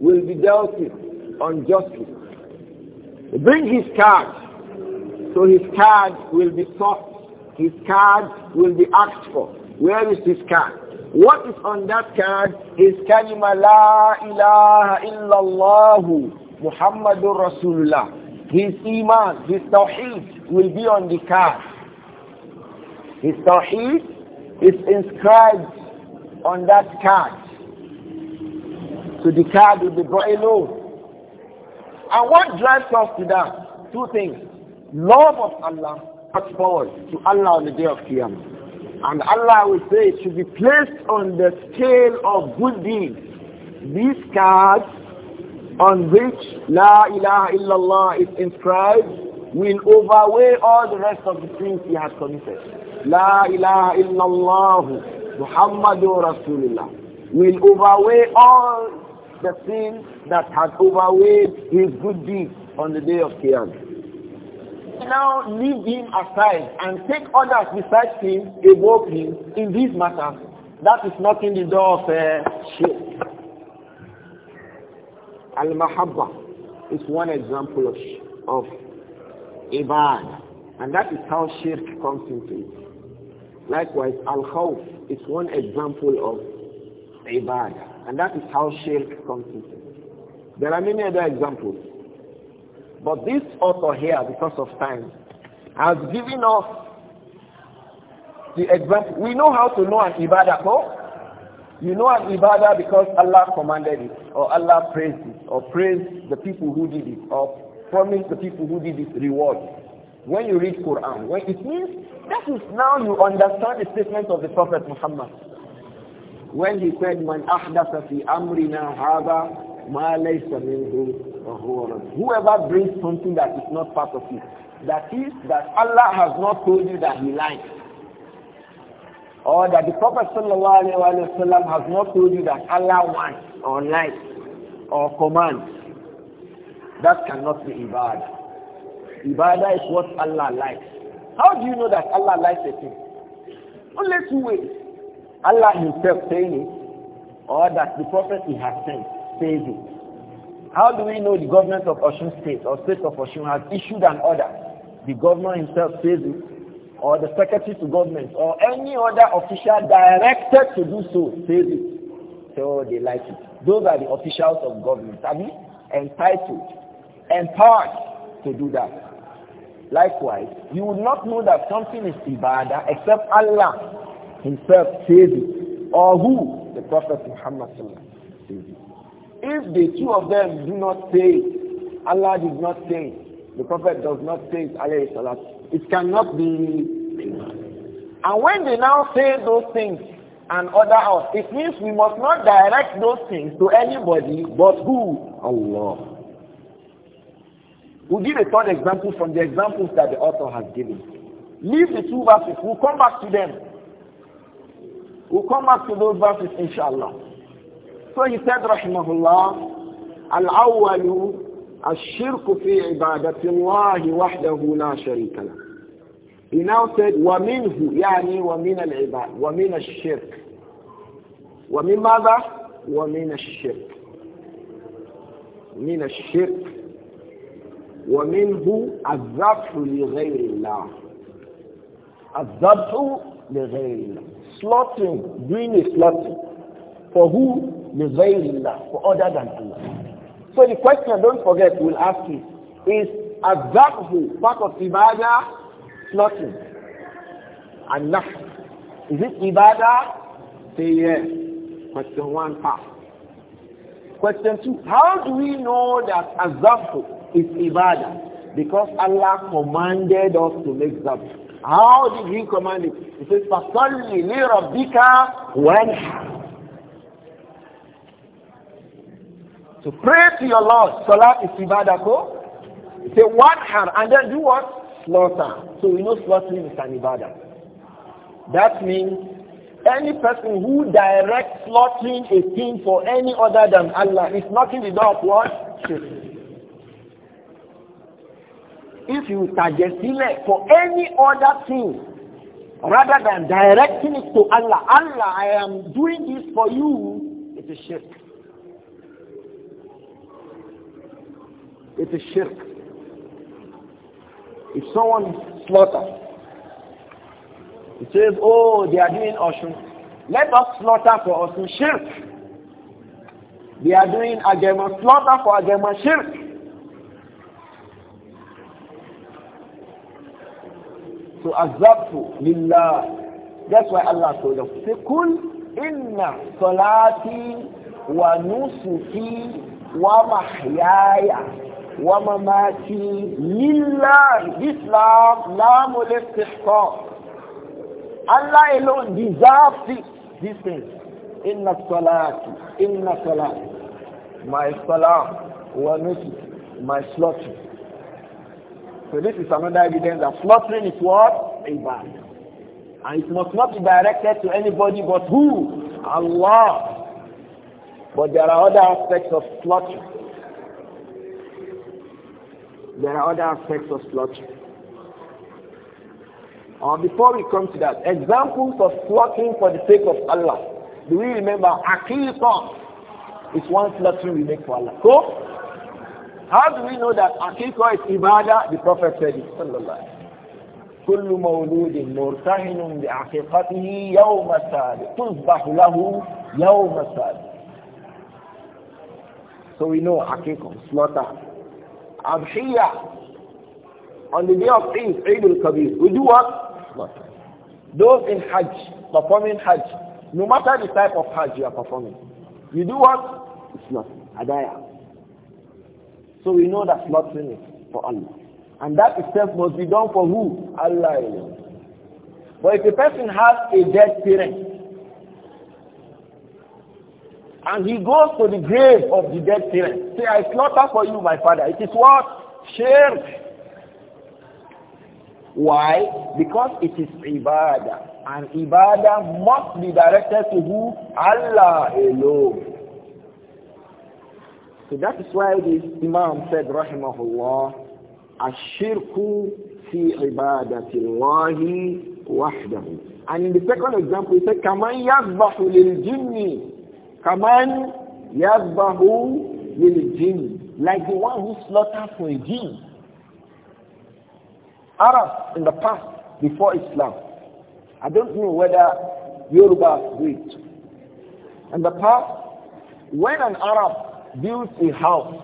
will be dealt with unjustly. Bring his cart. So his card will be sought. His card will be asked for. Where is his card? What is on that card is kalima la ilaha illallah Muhammadur Rasulullah. His iman, his tawheed will be on the card. His tawheed is inscribed on that card. So the card will be brought alone. And what drives us to that? Two things love of Allah brought forward to Allah on the day of Qiyamah. And Allah will say it should be placed on the scale of good deeds. These cards on which La ilaha illallah is inscribed will outweigh all the rest of the things he has committed. La ilaha illallah Muhammadur Rasulullah will outweigh all the things that has outweighed his good deeds on the day of Qiyamah now leave him aside and take others besides him above him in this matter that is knocking the door of uh, eh, shirk. Al-Mahabba is one example of, of Iman, and that is how shirk comes into it. Likewise, Al-Khawf is one example of Ibadah, and that is how shirk comes into it. There are many other examples. But this author here, because of time, has given us the example. We know how to know an ibadah, no? You know an ibadah because Allah commanded it, or Allah praised it, or praised the people who did it, or promised the people who did it reward. When you read Quran, when it means that is now you understand the statement of the Prophet Muhammad. When he said, Man ahdasa fi amrina hada Whoever brings something that is not part of it, that is, that Allah has not told you that He likes, or that the Prophet wasallam has not told you that Allah wants, or likes, or commands, that cannot be ibadah. Ibadah is what Allah likes. How do you know that Allah likes a thing? Unless you wait. Allah himself saying it, or that the prophet he has sent says it. How do we know the government of Oshun State or State of Oshun has issued an order? The governor himself says it, or the secretary to government, or any other official directed to do so says it. So they like it. Those are the officials of government. Are we entitled, empowered to do that? Likewise, you would not know that something is ibadah except Allah himself says it, or who the Prophet Muhammad says it. If the two of them do not say it, Allah did not say it, the Prophet does not say it, alayhi Allah. it cannot be. And when they now say those things and other out, it means we must not direct those things to anybody but who? Allah. We'll give a third example from the examples that the author has given. Leave the two verses. We'll come back to them. We'll come back to those verses, inshallah. الشيخ طيب، سعد رحمه الله الأول الشرك في عبادة الله وحده لا شريك له. He now said, ومنه يعني ومن العباد ومن الشرك. ومن ماذا؟ ومن الشرك. من الشرك ومنه الذبح لغير الله. الذبح لغير الله. Slaughtering, doing a slaughtering. For who? that for other than Allah. So the question, don't forget, we'll ask you, is Azabhu part of Ibadah slotting? And Nahr. Is it Ibadah? Say yes. Question one, part. Question two, how do we know that Azabhu is Ibadah? Because Allah commanded us to make Zabhu. How did he command it? He says, فَصَلِّ لِرَبِّكَ when. To pray to your Lord. Salah is ibadako. Say one hand and then do what? Slaughter. So we know slaughtering is an ibadah. That means any person who directs slaughtering a thing for any other than Allah is knocking the door of what? If you suggest it for any other thing rather than directing it to Allah, Allah, I am doing this for you, it is shirk. It is shirk. If someone is slaughtered, he says, oh, they are doing Oshun. Let us slaughter for Oshun shirk. They are doing Agema slaughter for Agema shirk. So azabtu lillah. That's why Allah told us, Sikul inna salati wa nusuki wa mahyaya ومماتي لله This lam, lam Allah alone deserves This is inna salati, inna salati. My salam wa nusuki, my slaughtering. So this is another evidence that slaughtering is what? bad, And it must not be directed to anybody but who? Allah. But there are other aspects of slaughtering. There are other aspects of slaughtering. Uh, before we come to that, examples of slaughtering for the sake of Allah. Do we remember? Aqiqah is one slaughtering we make for Allah. So, how do we know that Aqiqah is ibadah? The Prophet said it. كل مولود مرتهن بعقيقته يوم السعد تذبح له يوم السعد So we know Aqiqah, slaughter. Abhiya on the day of Eid, Eid al-Kabir, we do what? Those in Hajj, performing Hajj, no matter the type of Hajj you are performing, you do what? It's not. Adaya. So we know that not is for Allah. And that itself must be done for who? Allah But if a person has a dead parent, and he goes to the grave of the dead parent. Say, I slaughter for you, my father. It is what? Shirk. Why? Because it is ibadah. And ibadah must be directed to who? Allah alone. So that is why the Imam said, Rahimahullah, الشرك fi ibadati الله وحده. And in the second example, he said, كَمَنْ يَذْبَحُ لِلْجِنِّ Kaman Yazbahu lil jinn. Like the one who slaughtered for a jinn. Arabs in the past, before Islam. I don't know whether Yoruba do it. In the past, when an Arab builds a house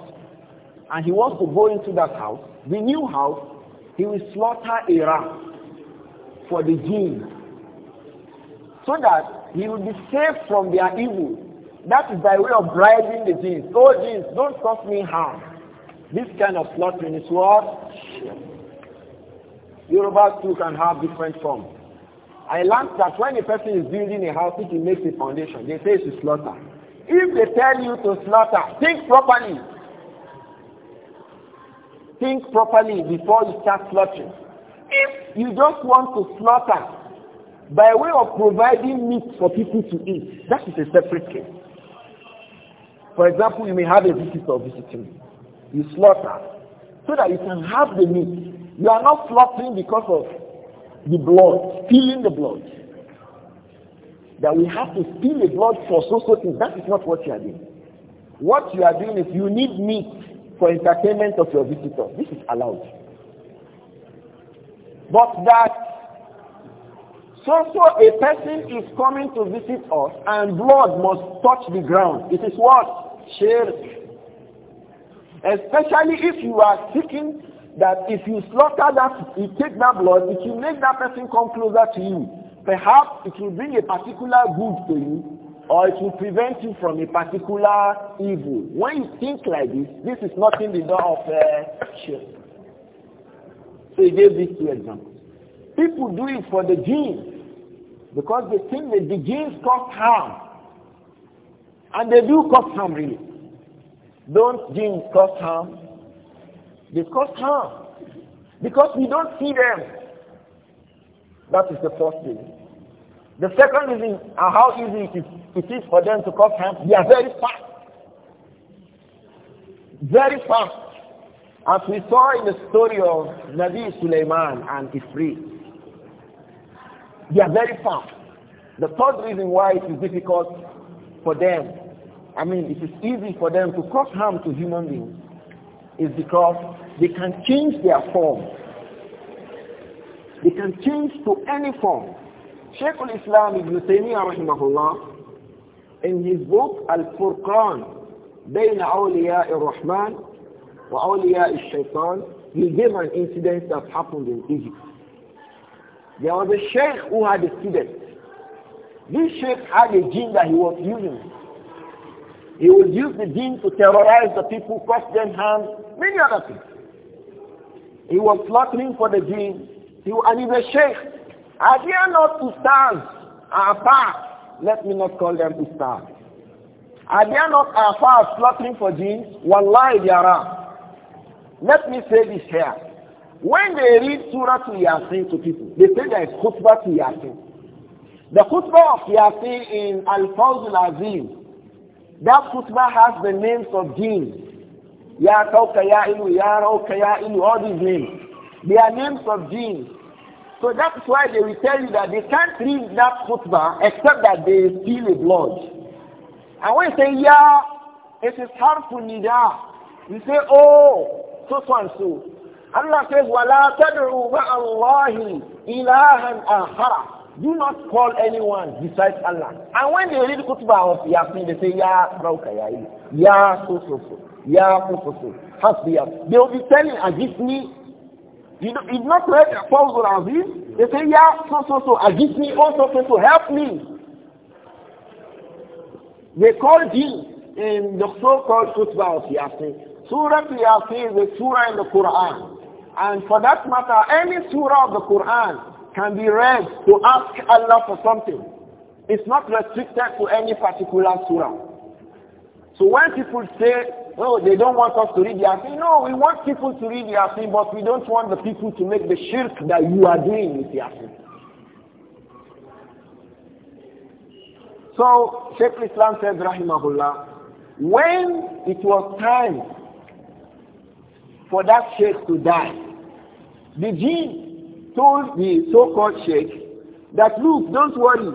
and he wants to go into that house, the new house, he will slaughter a ram for the jinn so that he will be safe from their evil. That is by way of bribing the jinns. Oh jinns, don't cause me harm. This kind of slaughtering is what? Yoruba too can have different forms. I learned that when a person is building a house, if he makes a foundation, they say it's slaughter. If they tell you to slaughter, think properly. Think properly before you start slaughtering. If you just want to slaughter by way of providing meat for people to eat, that is a separate case. For example, you may have a visitor visiting you. slaughter so that you can have the meat. You are not slaughtering because of the blood, stealing the blood. That we have to steal the blood for so so things. That is not what you are doing. What you are doing is you need meat for entertainment of your visitor. This is allowed. But that so, so a person is coming to visit us and blood must touch the ground. It is what? share, Especially if you are seeking that if you slaughter that, you take that blood, it will make that person come closer to you. Perhaps it will bring a particular good to you or it will prevent you from a particular evil. When you think like this, this is not in the door of uh, So he gave these two examples. People do it for the genes. Because the thing, that the genes cause harm. And they do cause harm really. Don't jeans cause harm? They cause harm. Because we don't see them. That is the first thing. The second reason and how easy it is, it is for them to cause harm, they are very fast. Very fast. As we saw in the story of Nabi Sulaiman and Ifrit. They are very fast. The third reason why it is difficult for them, I mean, it is easy for them to cause harm to human beings, is because they can change their form. They can change to any form. Sheikh al-Islam Ibn Taymiyyah rahimahullah, in his book Al-Furqan, بين أولياء الرحمن وأولياء الشيطان, he gave an incident that happened in Egypt. There was a sheikh who had a student. This sheikh had a gene that he was using. He would use the gene to terrorize the people, cross them hands, many other things. He was slaughtering for the gene. He, and he's a sheikh. are dare not to stand afar. Let me not call them to stand. Are they not afar slaughtering for genes? Wallahi, they are. Let me say this here. When they read Surah to Yasin to people, they say there is khutbah to Yasin. The khutbah of Yasin in Al-Fawz al-Azim, that khutbah has the names of jinn. Ya Tawka, Ya Ilu, Ya Rawka, Ya Ilu, all these names. They are names of jinn. So that's why they will tell you that they can't read that khutbah except that they feel a blood. And when you say Ya, it is harmful nida. You say, oh, so so and so. Allah says, وَلَا تَدْعُوا مَعَ اللَّهِ إِلَهًا آخَرَ Do not call anyone besides Allah. And when they read Qutbah of Yasin, they say, Ya Rauka Ya Ili, Ya So So So, Ya So So So, Hasbiya. They will be telling Ajisni, you know, it's not read Fawzul Aziz, they say, Ya So So So, Ajisni, Oh So So So, help me. They call Jinn in the so-called Qutbah of Yasin. Surah Yasin is a surah in the Quran. And for that matter, any surah of the Quran can be read to ask Allah for something. It's not restricted to any particular surah. So when people say, oh, they don't want us to read Yasin, no, we want people to read Yasin, but we don't want the people to make the shirk that you are doing with Yasin. So Sheikh Islam says, Rahimahullah, when it was time for that sheikh to die. The jinn told the so-called sheikh that, look, don't worry.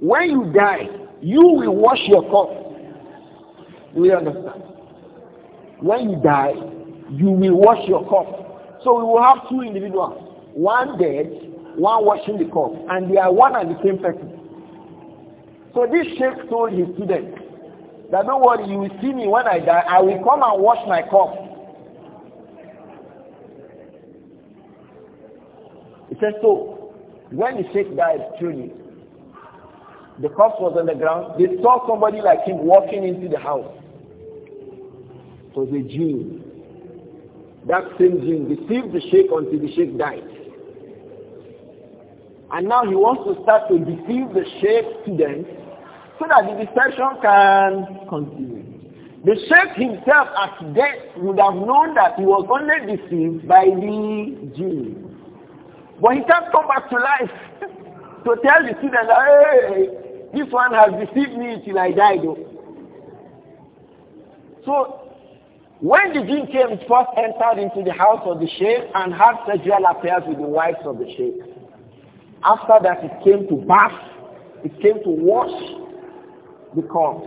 When you die, you will wash your cup. Do you understand? When you die, you will wash your cup. So we will have two individuals. One dead, one washing the cup. And they are one and the same person. So this sheikh told his students that don't worry, you will see me when I die. I will come and wash my cup. He says so, when the sheikh died, truly, the corpse was on the ground. They saw somebody like him walking into the house. It was a Jew. That same jinn deceived the sheikh until the sheikh died. And now he wants to start to deceive the sheikh students so that the deception can continue. The sheikh himself at death would have known that he was only deceived by the Jew. But he can't come back to life *laughs* to tell the student, hey, this one has deceived me till I died. Oh. So when the jinn came, first entered into the house of the sheikh and had sexual affairs with the wives of the sheikh. After that, it came to bath. It came to wash the corpse.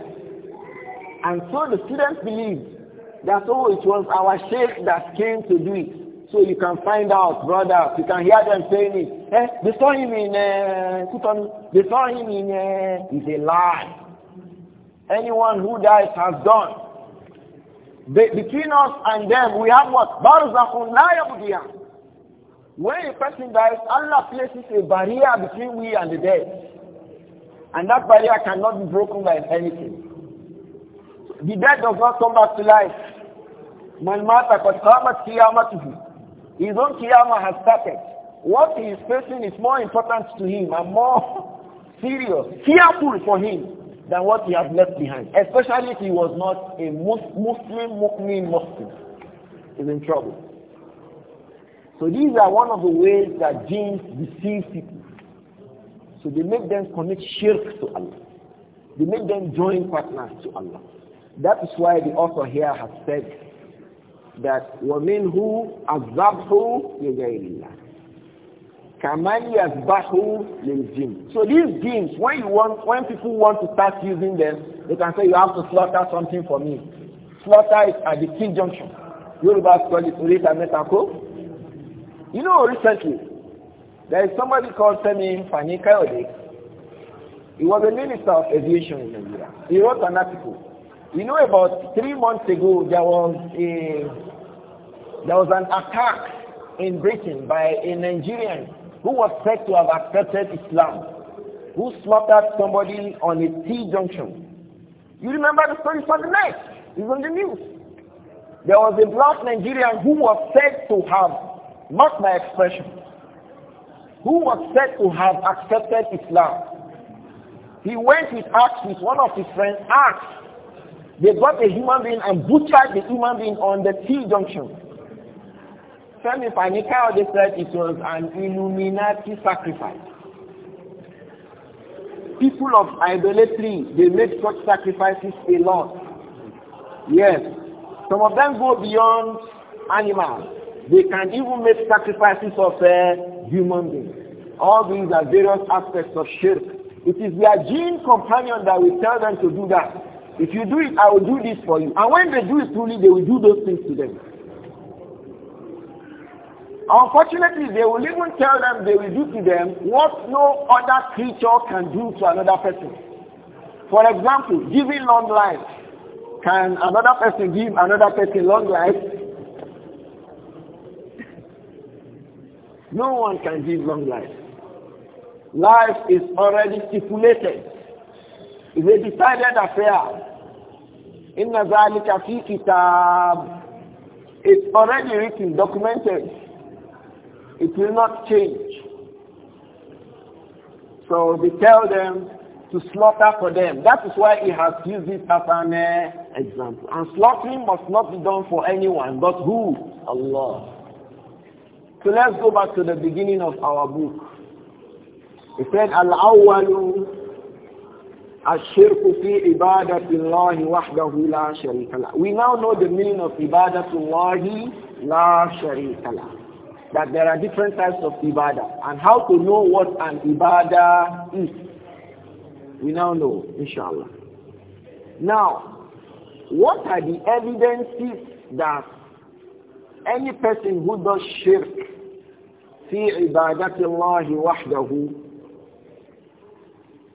And so the students believed that, oh, it was our sheikh that came to do it. So you can find out, brothers, you can hear them saying it. Eh, they saw him in uh, They saw him in uh, eh, is a lie. Anyone who dies has done. Be between us and them, we have what? Barzakun la yabudiyah. When a person dies, Allah places a barrier between we and the dead. And that barrier cannot be broken by anything. The dead does not come back to life. Man mata qad qamat qiyamatuhu. His own Qiyamah has started. What he is facing is more important to him and more *laughs* serious, fearful for him than what he has left behind. Especially if he was not a Muslim, Muslim, Muslim. is in trouble. So these are one of the ways that jinns deceive people. So they make them commit shirk to Allah. They make them join partners to Allah. That is why the author here has said that وَمِنْهُ الذَّبْحُ لِغَيْرِ اللَّهِ كَمَنْ يَذْبَحُ لِلْجِنِ So these genes, when you want, when people want to start using them, they can say you have to slaughter something for me. Slaughter is at the key junction. Yoruba call it Urita Metako. You know, recently, there is somebody called Femi Fani Kayode. He was a minister of aviation in Nigeria. He wrote an article. You know, about three months ago, there was a there was an attack in Britain by a Nigerian who was said to have accepted Islam, who slaughtered somebody on a T-junction. You remember the story from the night? It's on the news. There was a black Nigerian who was said to have, not my expression, who was said to have accepted Islam. He went with Axe with one of his friends, Axe. They got a human being and butchered the human being on the T junction. Sami Panika, they said it was an Illuminati sacrifice. People of idolatry, they make such sacrifices a lot. Yes, some of them go beyond animals. They can even make sacrifices of uh, human beings. All these are various aspects of shirk. It is their gene companion that will tell them to do that. If you do it, I will do this for you. And when they do it truly, they will do those things to them. Unfortunately, they will even tell them they will do to them what no other creature can do to another person. For example, giving long life. Can another person give another person long life? No one can give long life. Life is already stipulated. It's a decided affair. In ذَلِكَ فِي It's already written, documented. It will not change. So they tell them to slaughter for them. That is why he has used it as an uh, example. And slaughtering must not be done for anyone, but who? Allah. So let's go back to the beginning of our book. He said, Al-awwalu الشرك في fi ibadatillahi waḥdahu lā شريك We now know the meaning of عبادة lā لا شريك that there are different types of ibadah and how to know what an ibadah is. We now know, inshallah. Now, what are the evidences that any person who does shirk fi ibadatillahi wahdahu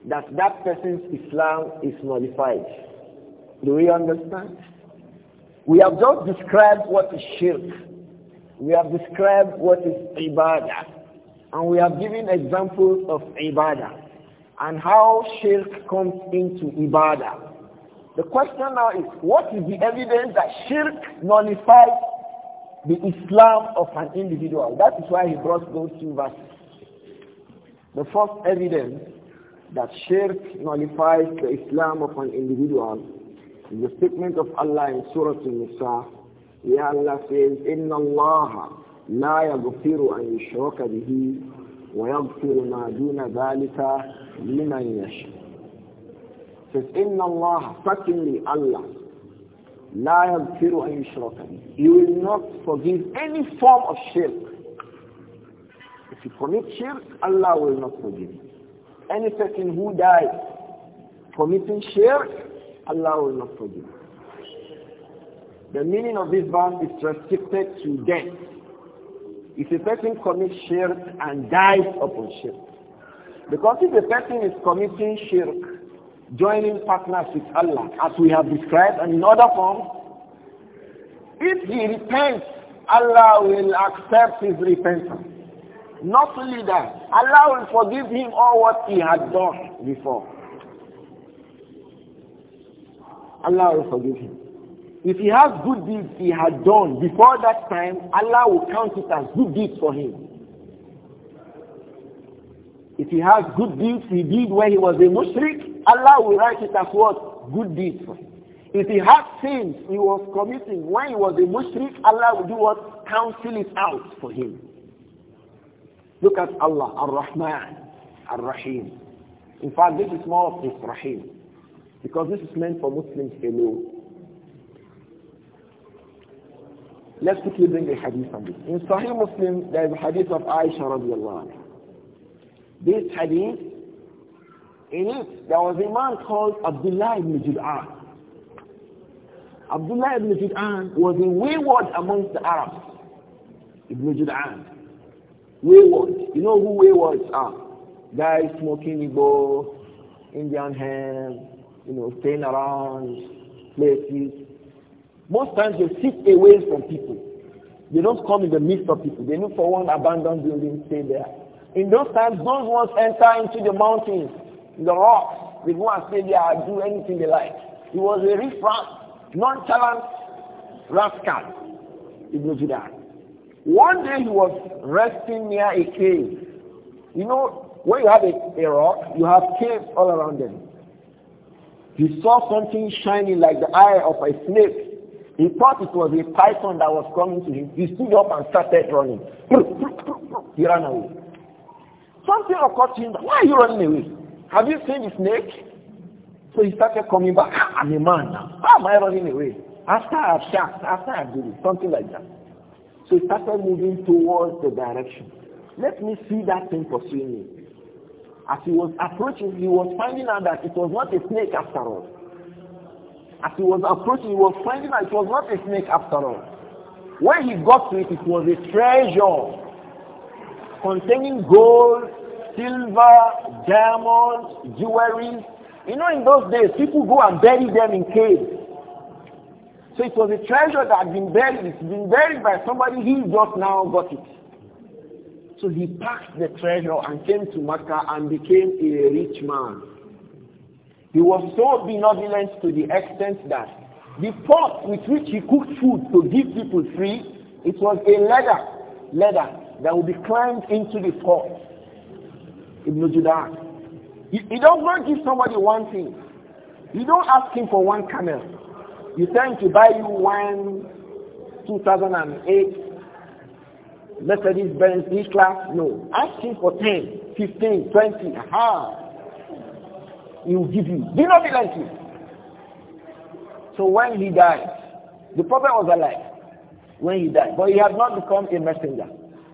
that that person's Islam is nullified. Do we understand? We have just described what is shirk. We have described what is ibadah. And we have given examples of ibadah and how shirk comes into ibadah. The question now is, what is the evidence that shirk nullifies the Islam of an individual? That is why he brought those two verses. The first evidence that shirk nullifies the Islam of an individual is the statement of Allah in Surah Al-Nisa where Allah says, إِنَّ اللَّهَ لَا يَغْفِرُ أَن يُشْرَكَ بِهِ وَيَغْفِرُ مَا دُونَ ذَلِكَ لِمَن يَشَاءُ says, Inna اللَّهَ Certainly Allah لَا يَغْفِرُ أَن يُشْرَكَ بِهِ He will not forgive any form of shirk. If you commit shirk, Allah will not forgive you. Any person who dies committing shirk, Allah will not forgive you. The meaning of this verse is restricted to death. If a person commits shirk and dies upon shirk, because if a person is committing shirk, joining partners with Allah, as we have described and in other forms, if he repents, Allah will accept his repentance. Not only that, Allah will forgive him all what he had done before. Allah will forgive him. If he has good deeds he had done before that time, Allah will count it as good deeds for him. If he has good deeds he did when he was a mushrik, Allah will write it as what? Good deeds for him. If he had sins he was committing when he was a mushrik, Allah will do what? Counsel it out for him. Look at Allah, Ar-Rahman, Ar-Rahim. In fact, this is more of Rahim. Because this is meant for Muslims alone. Let's quickly bring a hadith on this. In Sahih Muslim, there is a hadith of Aisha radiallahu anha. This hadith, in it, there was a man called Abdullah ibn Jud'an. Abdullah ibn Jud'an was a wayward amongst the Arabs. Ibn Jud'an. Wayward. You know who waywards are? Guys smoking Igbo, Indian hemp, you know, staying around places most times they sit away from people. They don't come in the midst of people. They look for one abandoned building, stay there. In those times, those ones enter into the mountains, the rocks. They go and stay there and do anything they like. He was a rich, nonchalant rascal, Ibn Judah. One day he was resting near a cave. You know, when you have a, a rock, you have caves all around them. He saw something shining like the eye of a snake he thought it was a python that was coming to him. He stood up and started running. he ran away. Something occurred to him. Why are you running away? Have you seen the snake? So he started coming back. Ah, I'm a man now. How am I running away? After I've shot, after I've done it, something like that. So he started moving towards the direction. Let me see that thing pursuing me. As he was approaching, he was finding out that it was not a snake after all. As he was approaching, he was finding that it was not a snake after all. When he got to it, it was a treasure containing gold, silver, diamonds, jewelry. You know, in those days, people go and bury them in caves. So it was a treasure that had been buried. It's been buried by somebody. He just now got it. So he packed the treasure and came to Makkah and became a rich man. He was so benevolent to the extent that the pot with which he cooked food to give people free, it was a ladder, ladder that would be climbed into the pot. Ibn Judah. You, you don't go give somebody one thing. You don't ask him for one camel. You tell him to buy you one 2008 Mercedes Benz E-Class. No. Ask him for 10, 15, 20. Aha he will give you. Do not be like you. So when he died, the prophet was alive when he died, but he had not become a messenger.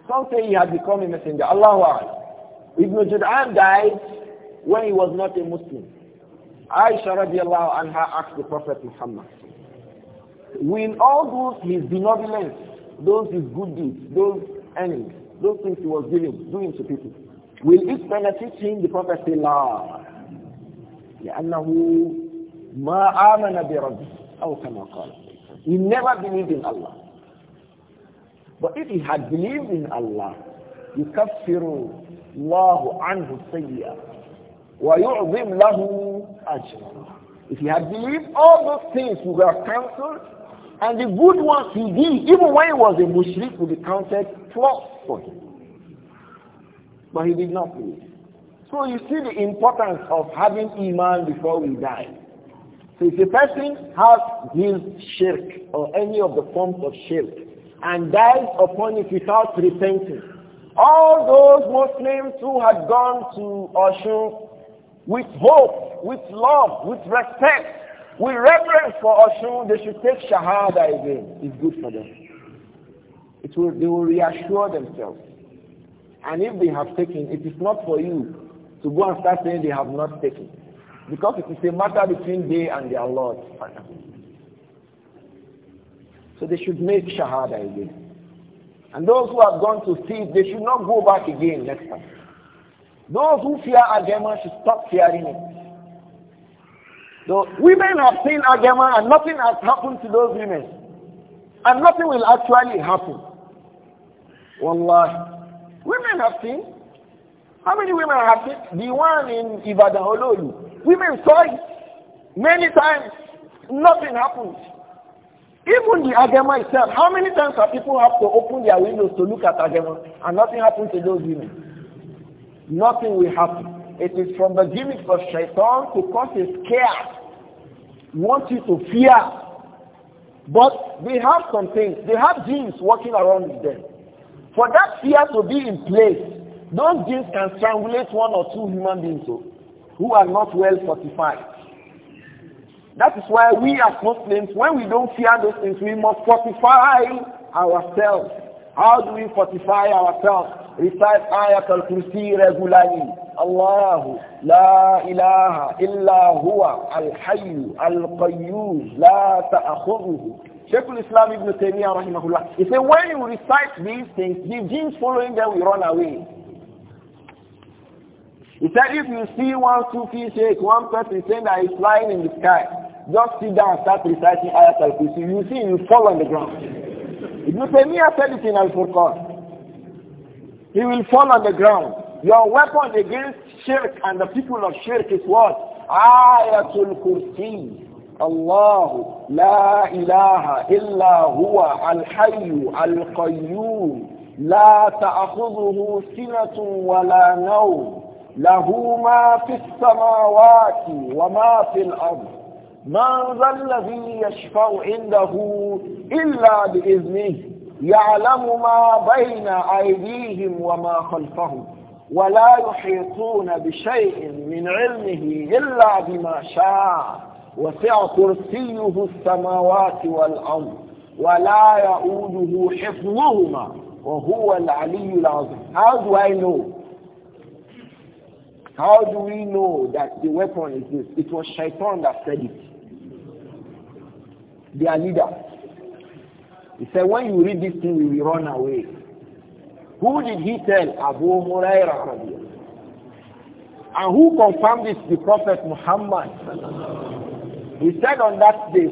Some say he had become a messenger. Allahu Akbar. Ibn Jud'an died when he was not a Muslim. Aisha radiallahu anha asked the Prophet Muhammad, will all those his benevolence, those his good deeds, those earnings, those things he was giving, doing to people, will it benefit him? The Prophet said, La. لأنه ما آمن بربه أو كما قال He never believed in Allah. But if he had believed in Allah, يكفر الله عنه السيئة ويعظم له أجرا. If he had believed, all those things would have counted, and the good ones he did, even when he was a mushrik, would be counted plus for him. But he did not believe. So you see the importance of having iman before we die. So if a person has his shirk or any of the forms of shirk and dies upon it without repenting, all those Muslims who had gone to Oshun with hope, with love, with respect, with reverence for Oshun, they should take Shahada again. It's good for them. It will, they will reassure themselves. And if they have taken, it is not for you to go and start saying they have not taken. Because it is a matter between they and their Lord. So they should make Shahada again. And those who have gone to sleep, they should not go back again next time. Those who fear Agama should stop fearing it. So women have seen Agama and nothing has happened to those women. And nothing will actually happen. Wallah, Women have seen how many women have seen the one in Ibadan Women saw it many times. Nothing happened. Even the Agema itself, how many times have people have to open their windows to look at Agema and nothing happened to those women? Nothing will happen. It is from the gimmick of shaitan to cause a scare, want you to fear. But they have some things, they have genes working around with them. For that fear to be in place, those genes can strangulate one or two human beings oh, who are not well fortified. That is why we as Muslims, when we don't fear those things, we must fortify ourselves. How do we fortify ourselves? Recite ayat al-kursi regularly. Allahu, la ilaha illa huwa al-hayyu al-qayyum la ta'akhuduhu. Sheikh al-Islam ibn Taymiyyah rahimahullah. He said when you recite these things, the jinns following them will run away. He said, if you see one Sufi sheikh, one person saying that he's flying in the sky, just sit down and start reciting ayat al-Kursi. You see, you fall on the ground. If you Ibn I said it in Al-Furqan. He will fall on the ground. Your weapon against shirk and the people of shirk is what? Ayatul Kursi. Allah, la ilaha illa huwa al-hayyu al-qayyum. لا تأخذه سنة ولا نوم له ما في السماوات وما في الأرض من ذا الذي يشفع عنده إلا بإذنه يعلم ما بين أيديهم وما خلفهم ولا يحيطون بشيء من علمه إلا بما شاء وسع كرسيه السماوات والأرض ولا يؤوده حفظهما وهو العلي العظيم How do I know How do we know that the weapon is this? It was Shaitan that said it. Their leader. He said, when you read this thing, we will run away. Who did he tell? Abu Hurairah. And who confirmed this? The Prophet Muhammad. He said on that day,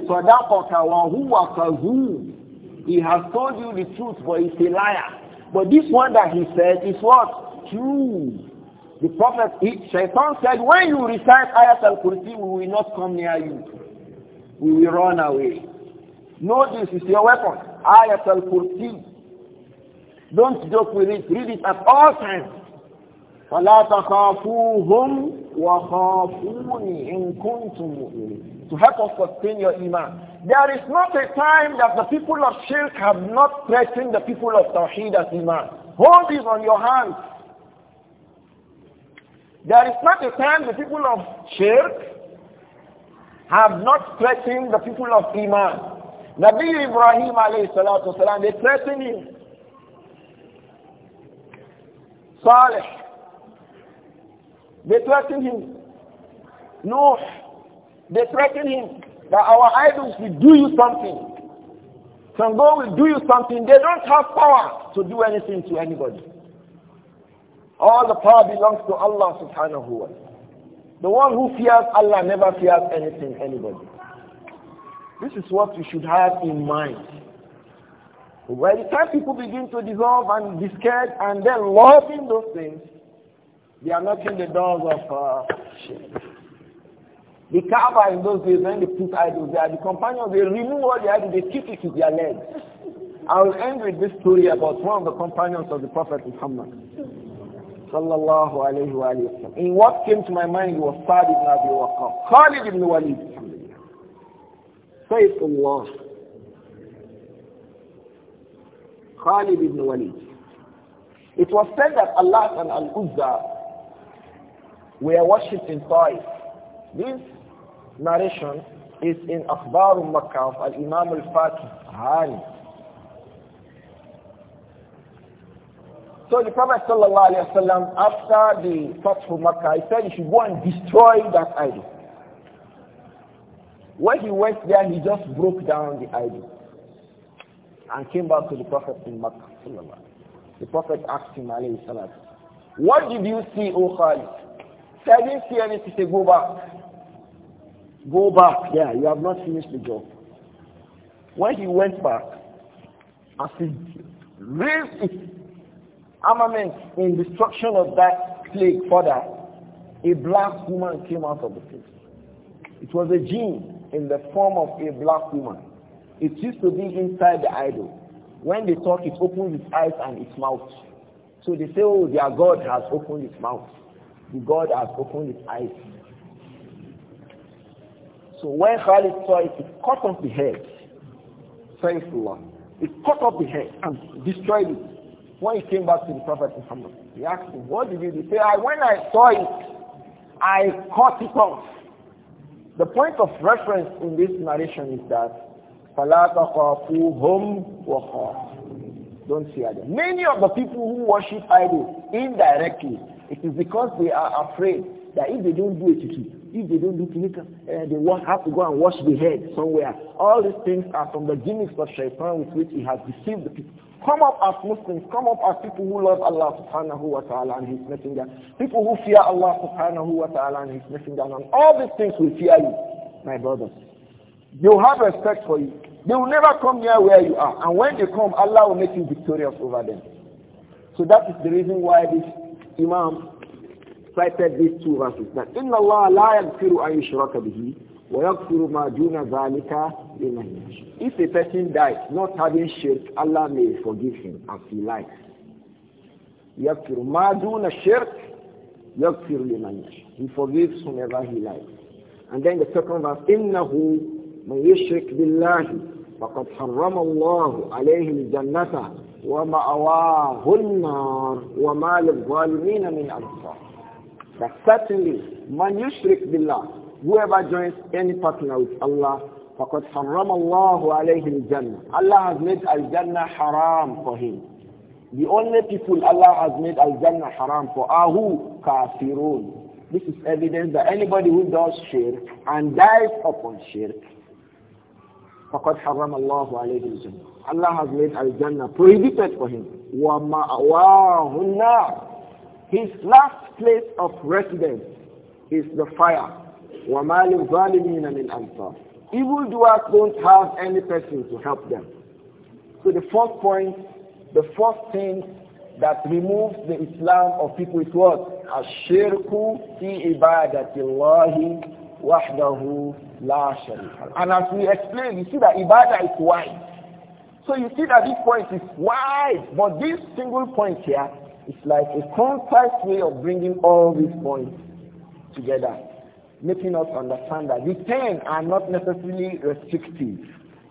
He has told you the truth, but he's a liar. But this one that he said is what? True. The Prophet, he, Shaitan said, when you recite Ayat al-Kursi, we will not come near you. We will run away. Know this is your weapon. Ayat al-Kursi. Don't joke with it. Read it at all times. فَلَا تَخَافُوهُمْ وَخَافُونِ إِن كُنْتُمْ To help us sustain your iman. There is not a time that the people of Shirk have not threatened the people of Tawheed as iman. Hold this on your hand. There is not a time the people of Shirk have not threatened the people of Iman. Nabi Ibrahim alayhi salatu wasalam, they threatened him. Saleh, they threatened him. No, they threatened him that our idols will do you something. Some God will do you something. They don't have power to do anything to anybody. All the power belongs to Allah subhanahu wa ta'ala. The one who fears Allah never fears anything, anybody. This is what you should have in mind. By the time people begin to dissolve and be scared and then loving those things, they are knocking the doors of uh, The Kaaba in those days, when they put idols there, the companions, they remove all the idols, they kick it with their legs. I will end with this story about one of the companions of the Prophet Muhammad sallallahu alayhi wa sallam. In what came to my mind was Sa'd ibn Abi Waqqas, Khalid ibn Walid, Sayyidullah, Khalid ibn Walid. It was said that Allah and Al-Uzza were worshipped in Taif. This narration is in Akhbar al-Makkah of Al-Imam al-Fatih So the Prophet sallallahu alayhi wasallam, after the from Makkah, he said he should go and destroy that idol. When he went there, he just broke down the idol and came back to the Prophet in Makkah. The Prophet asked him, alayhi Sallam, what did you see, O Khalid? He I didn't see anything. He said, go back. Go back. Yeah, you have not finished the job. When he went back, as he raised armament in destruction of that plague further, a black woman came out of the place. It was a gene in the form of a black woman. It used to be inside the idol. When they talk, it opens its eyes and its mouth. So they say, oh, their God has opened its mouth. The God has opened its eyes. So when Khalid saw it, it cut off the head. Thanks Allah. It cut off the head and destroyed it. When he came back to the Prophet Muhammad, he asked him, What did you do? He said, When I saw it, I cut it off. The point of reference in this narration is that وَخَافُ Don't fear them. Many of the people who worship idols indirectly, it is because they are afraid that if they don't do it, if they don't do it, uh, eh, they will have to go and wash their head somewhere. All these things are from the gimmicks of shaitan with which he has deceived the people. Come up as Muslims, come up as people who love Allah subhanahu wa ta'ala and His Messenger, people who fear Allah subhanahu wa ta'ala and His Messenger, and all these things will fear you, my brothers. They will have respect for you. They will never come near where you are. And when they come, Allah will make you victorious over them. So that is the reason why this Imam cited these two verses. That, إِنَّ اللَّهَ لَا يَغْفِرُ أَن يُشْرَكَ بِهِ وَيَغْفِرُ مَا دُونَ ذَلِكَ لِمَنْ If a person dies not having shirk, Allah may forgive him as he likes. يَغْفِرُ مَا دُونَ shirk يَغْفِرُ لِمَنْ He forgives whomever he likes. And then the second verse, إِنَّهُ مَنْ يُشْرِكْ بِاللَّهِ فَقَدْ حَرَّمَ اللَّهُ عَلَيْهِ الْجَنَّةَ وَمَأْوَاهُ النَّارُ وَمَا لِلظَّالِمِينَ مِنْ أَنصَارٍ That certainly, مَنْ يُشْرِكْ بِاللَّهِ Whoever joins any partner with Allah, فَقَدْ حَرَّمَ اللَّهُ عَلَيْهِ الْجَنَّةِ Allah has made al-jannah haram for him. The only people Allah has made al-jannah haram for are who? Kafirun. This is evidence that anybody who does shirk and dies upon shirk, فَقَدْ حَرَّمَ اللَّهُ عَلَيْهِ الْجَنَّةِ Allah has made al-jannah prohibited for him. وَمَأْوَاهُ النَّارِ His last place of residence is the fire. وَمَا لِلْظَالِمِينَ مِنْ أَنْصَارٍ doers don't have any person to help them. So the first point, the first thing that removes the Islam of people is what? الشرك في عبادة الله وحده لا شريك And as we explained, you see that ibadah is wide. So you see that this point is wide, but this single point here is like a concise way of bringing all these points together making us understand that the ten are not necessarily restrictive,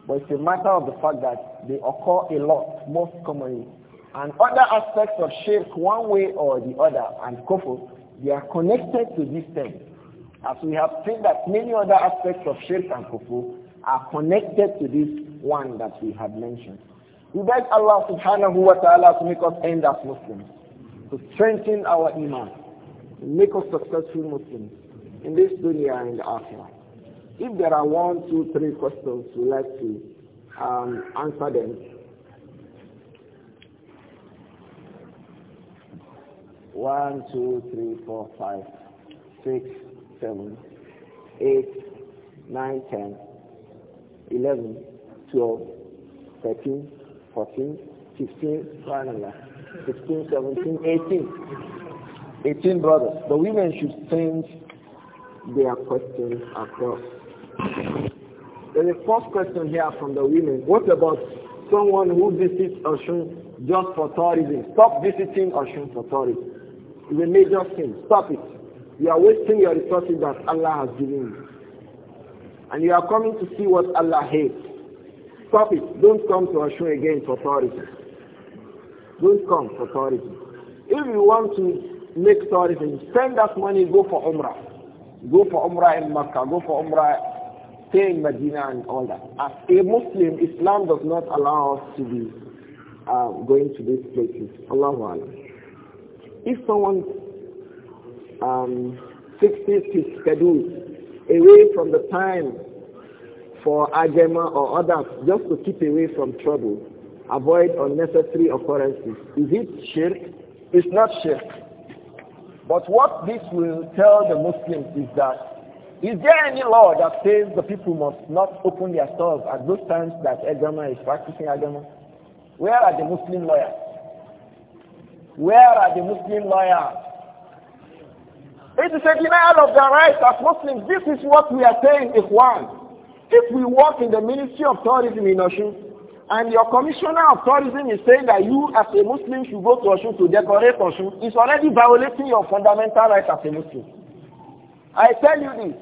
but it's a matter of the fact that they occur a lot, most commonly. And other aspects of shirk, one way or the other, and kufr, they are connected to this ten. As we have seen that many other aspects of shirk and kufr are connected to this one that we have mentioned. We beg Allah subhanahu wa ta'ala to make us end as Muslims, to strengthen our iman, make us successful Muslims in this dunya and the akhirah. If there are one, two, three questions we'd like to um, answer them. One, two, three, four, five, six, seven, eight, nine, ten, eleven, twelve, thirteen, fourteen, fifteen, eighteen. Eighteen brothers. The women should change their questions across. There's a first question here from the women. What about someone who visits Oshun just for tourism? Stop visiting Oshun for tourism. It's a major sin. Stop it. You are wasting your resources that Allah has given you. And you are coming to see what Allah hates. Stop it. Don't come to Oshun again for tourism. Don't come for tourism. If you want to make tourism, spend that money, go for Umrah. Go for Umrah in Makkah, go for Umrah, stay in Medina and all that. As a Muslim, Islam does not allow us to be uh, going to these places. Allahu If someone um, fixes his schedule away from the time for Ajema or others, just to keep away from trouble, avoid unnecessary occurrences, is it shirk? It's not shirk. But what this will tell the Muslims is that is there any law that says the people must not open their stores at those times that Agama is practicing Agama? Where are the Muslim lawyers? Where are the Muslim lawyers? It is a denial of their rights as Muslims. This is what we are saying, Ikhwan. If, if we work in the Ministry of Tourism in Oshun, and your commissioner of tourism is saying that you as a Muslim should go to Oshun to decorate Oshun, it's already violating your fundamental rights as a Muslim. I tell you this.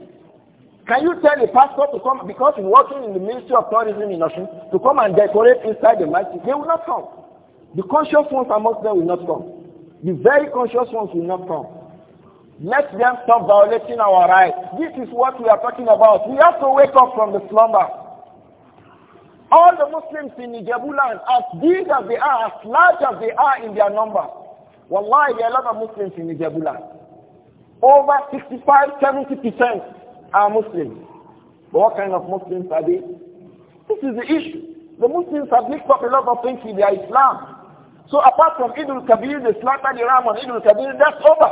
Can you tell a pastor to come, because he's working in the Ministry of Tourism in Oshun, to come and decorate inside the mosque? They will not come. The conscious ones amongst them will not come. The very conscious ones will not come. Let them stop violating our rights. This is what we are talking about. We have to wake up from the slumber. All the Muslims in Nijabuland, as big as they are, as large as they are in their number, wallahi, there are a lot of Muslims in Nijabuland. Over 65, 70% are Muslims. But what kind of Muslims are they? This is the issue. The Muslims have mixed up a lot of things with their Islam. So apart from Eid al-Kabir, they slaughtered the ram on Eid al-Kabir, that's over.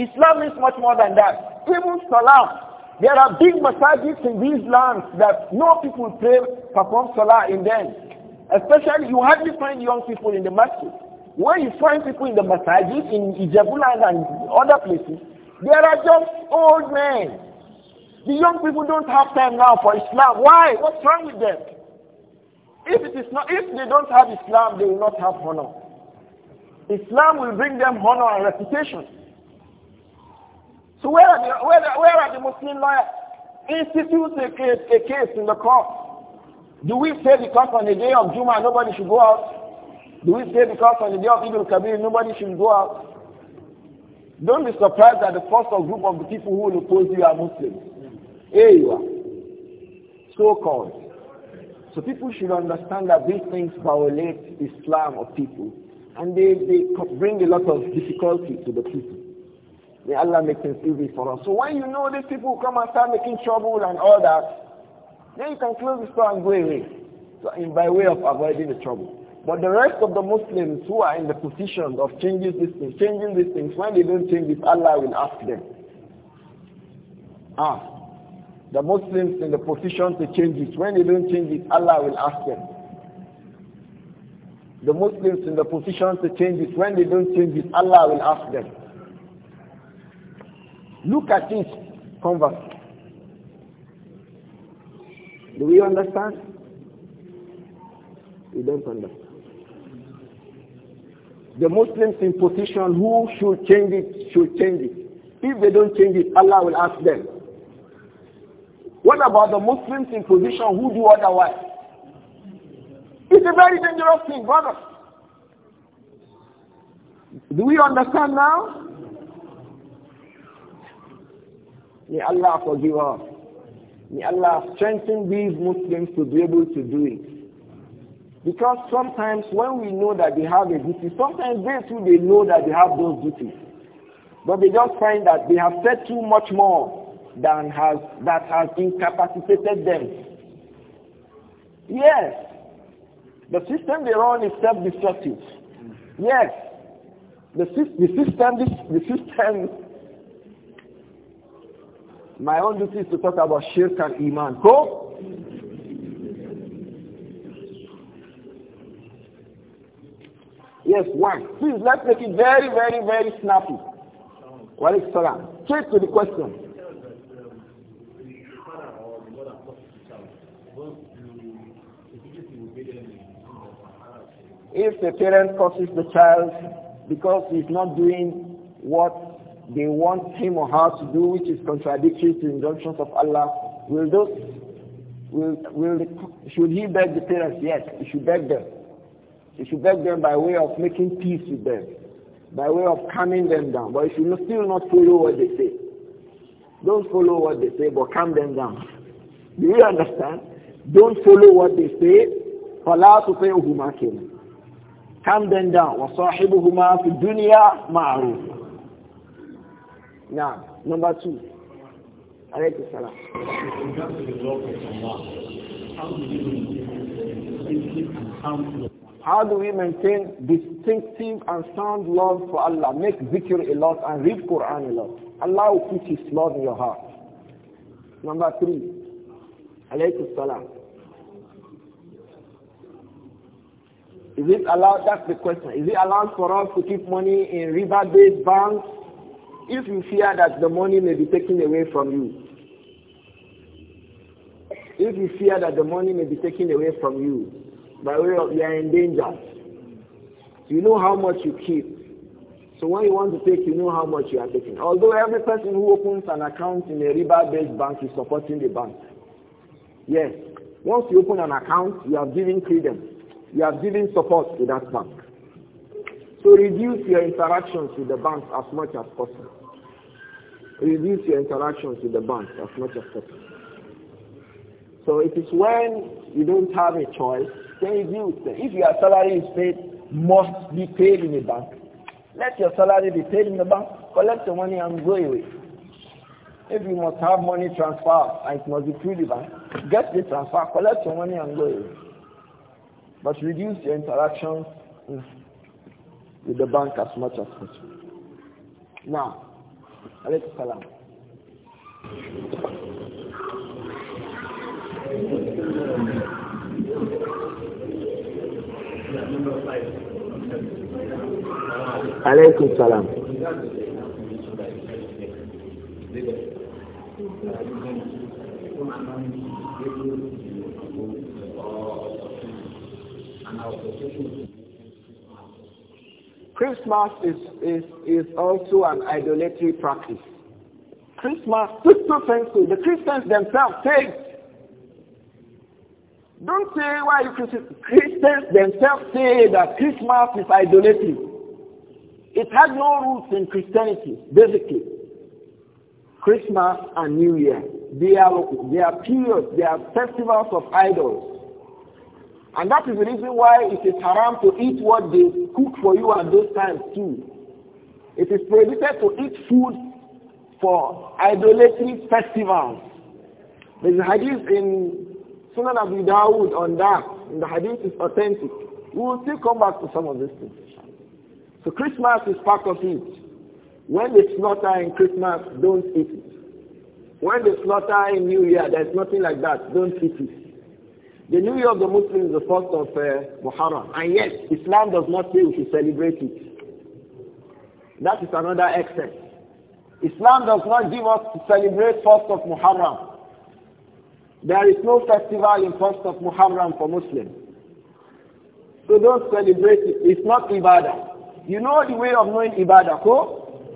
Islam is much more than that. Even Salah, there are big masajids in these lands that no people pray, perform salah in them. Especially, you hardly find young people in the masjid. When you find people in the masajids in Ijebuland and other places, there are just old men. The young people don't have time now for Islam. Why? What's wrong with them? If it is not, if they don't have Islam, they will not have honor. Islam will bring them honor and reputation. So where are the, where, the, where are the Muslim lawyers? Institute a case, a case in the court. Do we say because on the day of Juma nobody should go out? Do we say because on the day of Ibn Kabir nobody should go out? Don't be surprised that the first group of the people who will oppose you are Muslims. Here you are. So called. So people should understand that these things violate Islam of people. And they, they bring a lot of difficulty to the people. May Allah make things easy for us. So when you know these people come and start making trouble and all that, then you can close the store and go away. So in, by way of avoiding the trouble. But the rest of the Muslims who are in the position of changing these things, changing these things, when they don't change it, Allah will ask them. Ask. Ah, the Muslims in the position to change it, when they don't change it, Allah will ask them. The Muslims in the position to change it, when they don't change it, Allah will ask them. Look at it conversely. Do we understand? We don't understand. The Muslims in position who should change it should change it. If they don't change it, Allah will ask them. What about the Muslims in position who do otherwise? It's a very dangerous thing, brother. Do we understand now? May Allah forgive us. May Allah strengthen these Muslims to be able to do it. Because sometimes when we know that they have a duty, sometimes they too they know that they have those duties. But they just find that they have said too much more than has that has incapacitated them. Yes. The system they run is self-destructive. Yes. The, the system, the, the system my own duty is to talk about shirk and iman. Go. Yes, one. Please, let's make it very, very, very snappy. What is salam? Straight to the question. If the parent curses the child because he's not doing what they want him or her to do which is contradictory to injunctions of Allah, will those, will, will, should he beg the parents? Yes, he should beg them. He should beg them by way of making peace with them, by way of calming them down. But he should still not follow what they say. Don't follow what they say, but calm them down. Do you understand? Don't follow what they say. فَلَا huma كِنَا Calm them down. وَصَاحِبُهُمَا فِي الدُّنْيَا مَعْرُوفًا now, number two. Alaykum salam. How do we maintain distinctive and sound love for Allah? Make zikr a lot and read Quran a lot. Allah will put His love in your heart. Number three. Alaykum salam. Is it allowed? That's the question. Is it allowed for us to keep money in river-based banks if you fear that the money may be taken away from you, if you fear that the money may be taken away from you, by way of you are in danger, you know how much you keep. So when you want to take, you know how much you are taking. Although every person who opens an account in a riba-based bank is supporting the bank. Yes. Once you open an account, you are giving credence. You are giving support to that bank. So reduce your interactions with the bank as much as possible reduce your interactions with the bank as much as possible. So if it is when you don't have a choice, then you If your salary is paid, must be paid in the bank. Let your salary be paid in the bank, collect the money and go away. If you must have money transfer and it must be through the bank, get the transfer, collect your money and go away. But reduce your interactions with the bank as much as possible. Now, aleykum salaam. aleykum salaam. Thank you. Christmas is, is, is also an idolatry practice. Christmas, sister too. The Christians themselves say, don't say why you Christians. Christians themselves say that Christmas is idolatry. It has no roots in Christianity, basically. Christmas and New Year, they are, they are periods, they are festivals of idols. And that is the reason why it is haram to eat what they cook for you at those times too. It is prohibited to eat food for idolatry festivals. There is a hadith in Sunan Abu Dawood on that, and the hadith is authentic. We will still come back to some of these things. So Christmas is part of it. When they slaughter in Christmas, don't eat it. When they slaughter in New Year, there's nothing like that. Don't eat it. The New Year of the Muslims is the first of uh, Muharram. And yet, Islam does not say we should celebrate it. That is another excess. Islam does not give us to celebrate first of Muharram. There is no festival in first of Muharram for Muslims. So don't celebrate it. It's not Ibadah. You know the way of knowing Ibadah, so?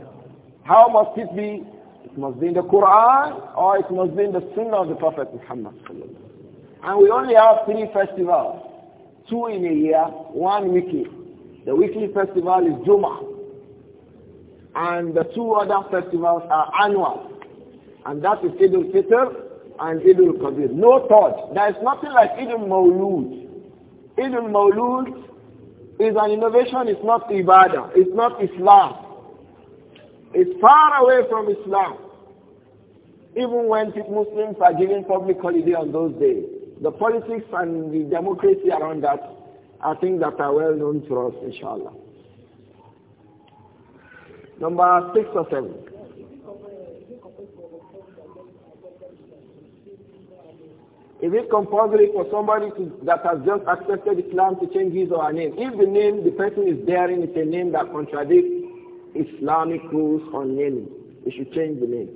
How must it be? It must be in the Quran or it must be in the Sunnah of the Prophet Muhammad and we only have three festivals. Two in a year, one weekly. The weekly festival is Juma. And the two other festivals are annual. And that is Eid al-Fitr and Eid al-Kabir. No thought. There is nothing like Eid al-Mawlud. Eid al-Mawlud is an innovation. It's not Ibadah. It's not Islam. It's far away from Islam. Even when Muslims are giving public holiday on those days. The politics and the democracy around that are things that are well known to us, inshallah. Number six or seven. Is it compulsory for somebody to, that has just accepted Islam to change his or her name? If the name the person is bearing is a name that contradicts Islamic rules on naming, they should change the name.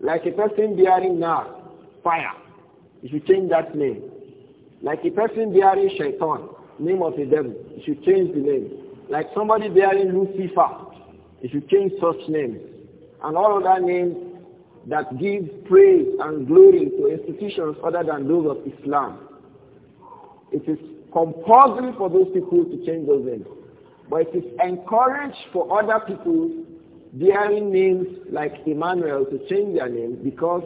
Like a person bearing now, fire. You should change that name. Like a person bearing Shaitan, name of the devil, you should change the name. Like somebody bearing Lucifer, you should change such names. And all other names that give praise and glory to institutions other than those of Islam. It is compulsory for those people to change those names. But it is encouraged for other people bearing names like Emmanuel to change their names because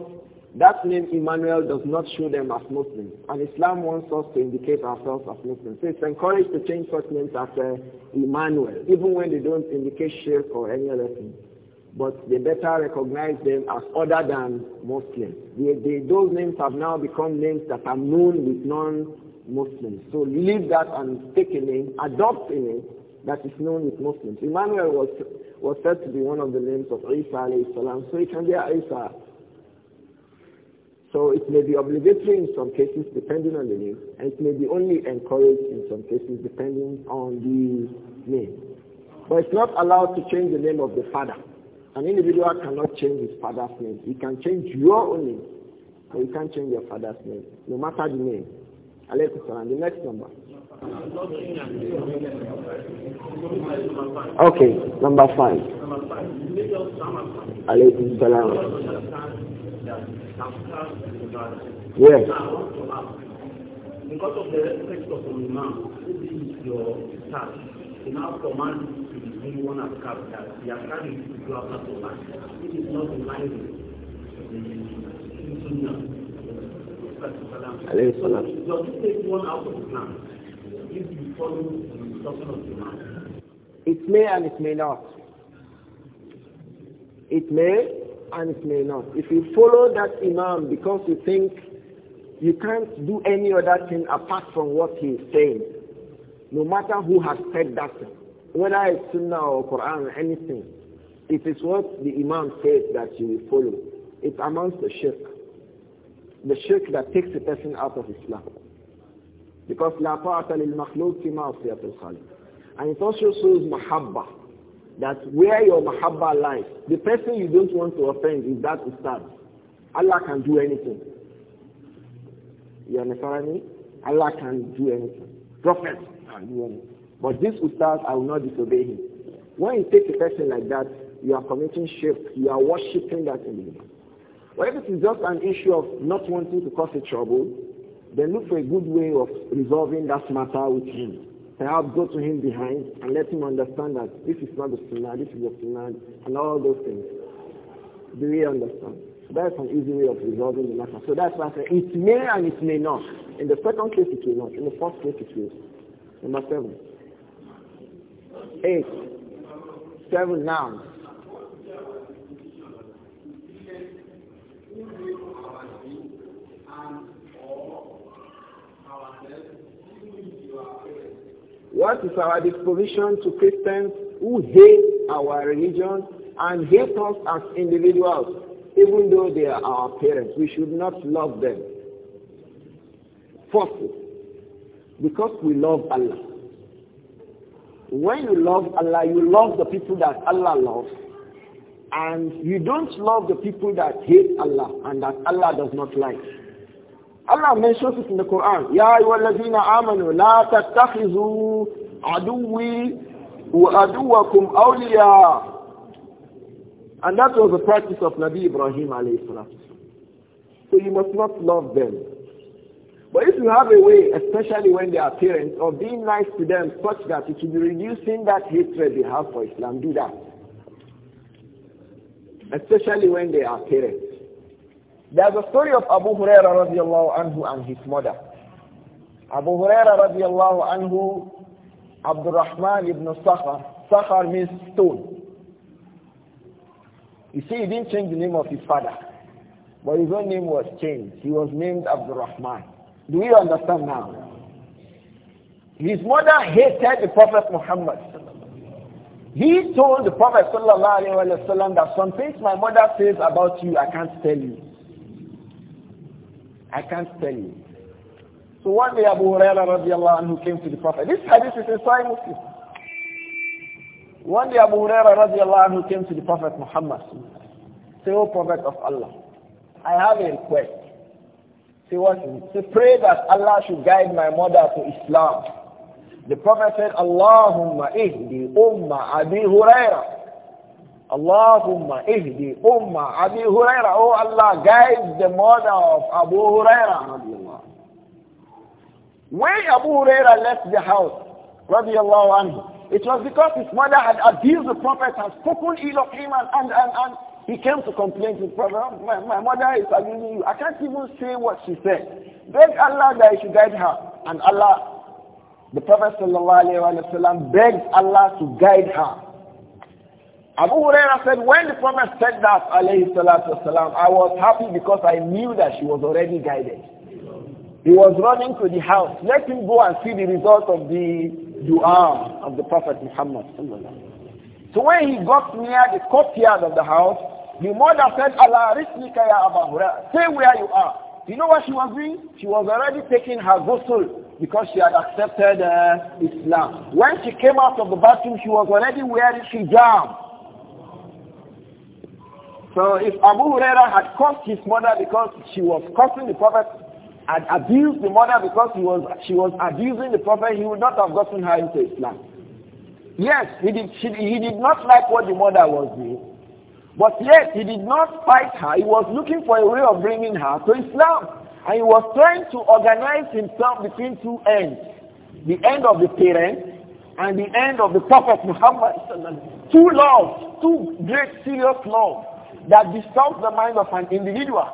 that name Emmanuel does not show them as Muslims. And Islam wants us to indicate ourselves as Muslims. So it's encouraged to change such names as uh, Emmanuel, even when they don't indicate shirk or any other thing. But they better recognize them as other than Muslims. They, they, those names have now become names that are known with non-Muslims. So leave that and take a name, adopt a name that is known with Muslims. Emmanuel was, was said to be one of the names of Isa alayhi salam, so it can be Isa so it may be obligatory in some cases depending on the name, and it may be only encouraged in some cases depending on the name. But it's not allowed to change the name of the father. An individual cannot change his father's name. He can change your own name, but you can't change your father's name, no matter the name. Alaykum The next number. Okay, number five. Alaykum salam. Yes. Because of the respect of the man, who is your staff, he now command anyone has come that their time is to go after the land. It is not in line with the Sunnah. Does it take one out of the Islam if you follow the instruction of the man? It may and it may not. It may and it may not. If you follow that Imam because you think you can't do any other thing apart from what he is saying, no matter who has said that, whether it's Sunnah or Quran or anything, it is what the Imam says that you will follow. It amounts to shirk. The shirk that takes a person out of Islam. Because لا طاعة للمخلوق في معصية الخالق. And it also shows mahabbah that's where your mahabba lies. The person you don't want to offend is that ustad. Allah can do anything. You understand me? Allah can do anything. Prophet can do anything. But this ustad, I will not disobey him. When you take a person like that, you are committing shirk. You are worshipping that individual. But if it is just an issue of not wanting to cause a trouble, then look for a good way of resolving that matter with him perhaps go to him behind and let him understand that this is not the sunnah, this is the sunnah, and all those things. Do we understand? So that's an easy way of resolving the matter. So that's why I say it may and it may not. In the second case, it will not. In the first case, it will. Number seven. Eight. Seven nouns. What is our disposition to Christians who hate our religion and hate us as individuals, even though they are our parents? We should not love them. Firstly, because we love Allah. When you love Allah, you love the people that Allah loves, and you don't love the people that hate Allah and that Allah does not like. Allah mentions it in the Quran. Ya ayyuhallazina amanu la tattakhizu aduwi wa aduwakum awliya. And that was the practice of Nabi Ibrahim alayhi salam. So you must not love them. But if you have a way, especially when they are parents, of being nice to them such that it will be reducing that hatred they have for Islam, do that. Especially when they are parents. There's a story of Abu Huraira radiallahu anhu and his mother. Abu Huraira radiallahu anhu, Rahman ibn Sakhar. Sakhar means stone. You see, he didn't change the name of his father. But his own name was changed. He was named Rahman. Do you understand now? His mother hated the Prophet Muhammad. He told the Prophet ﷺ that some things my mother says about you, I can't tell you. I can't tell you. So one day Abu Huraira radiallahu anhu came to the Prophet. This hadith is Sahih Muslim. One day Abu Huraira radiallahu anhu came to the Prophet Muhammad. Say, O Prophet of Allah, I have a request. Say what? Say, pray that Allah should guide my mother to Islam. The Prophet said, Allahumma ihdi umma Abi Huraira. Allahumma ihdi umma Abi Huraira. Oh Allah, guide the mother of Abu Huraira. When Abu Huraira left the house, radiallahu anhu, it was because his mother had abused the Prophet and spoken ill of him and, and, and, and he came to complain to the Prophet, oh, my, my mother is abusing you. I can't even say what she said. Beg Allah that he should guide her. And Allah, the Prophet sallallahu alayhi wa sallam begged Allah to guide her. Abu Huraira said, when the Prophet said that, alayhi salatu wasalam, I was happy because I knew that she was already guided. He was running to the house. Let him go and see the result of the dua of the Prophet Muhammad. So when he got near the courtyard of the house, the mother said, Allah risnika ya Abu Huraira, stay where you are. You know what she was doing? She was already taking her ghusl because she had accepted uh, Islam. When she came out of the bathroom, she was already wearing hijab. So if Abu Huraira had cursed his mother because she was cursing the Prophet, had abused the mother because he was, she was abusing the Prophet, he would not have gotten her into Islam. Yes, he did, she, he did not like what the mother was doing. But yet, he did not fight her. He was looking for a way of bringing her to Islam. And he was trying to organize himself between two ends. The end of the parents and the end of the Prophet Muhammad. Two loves, two great serious loves that disturbs the mind of an individual.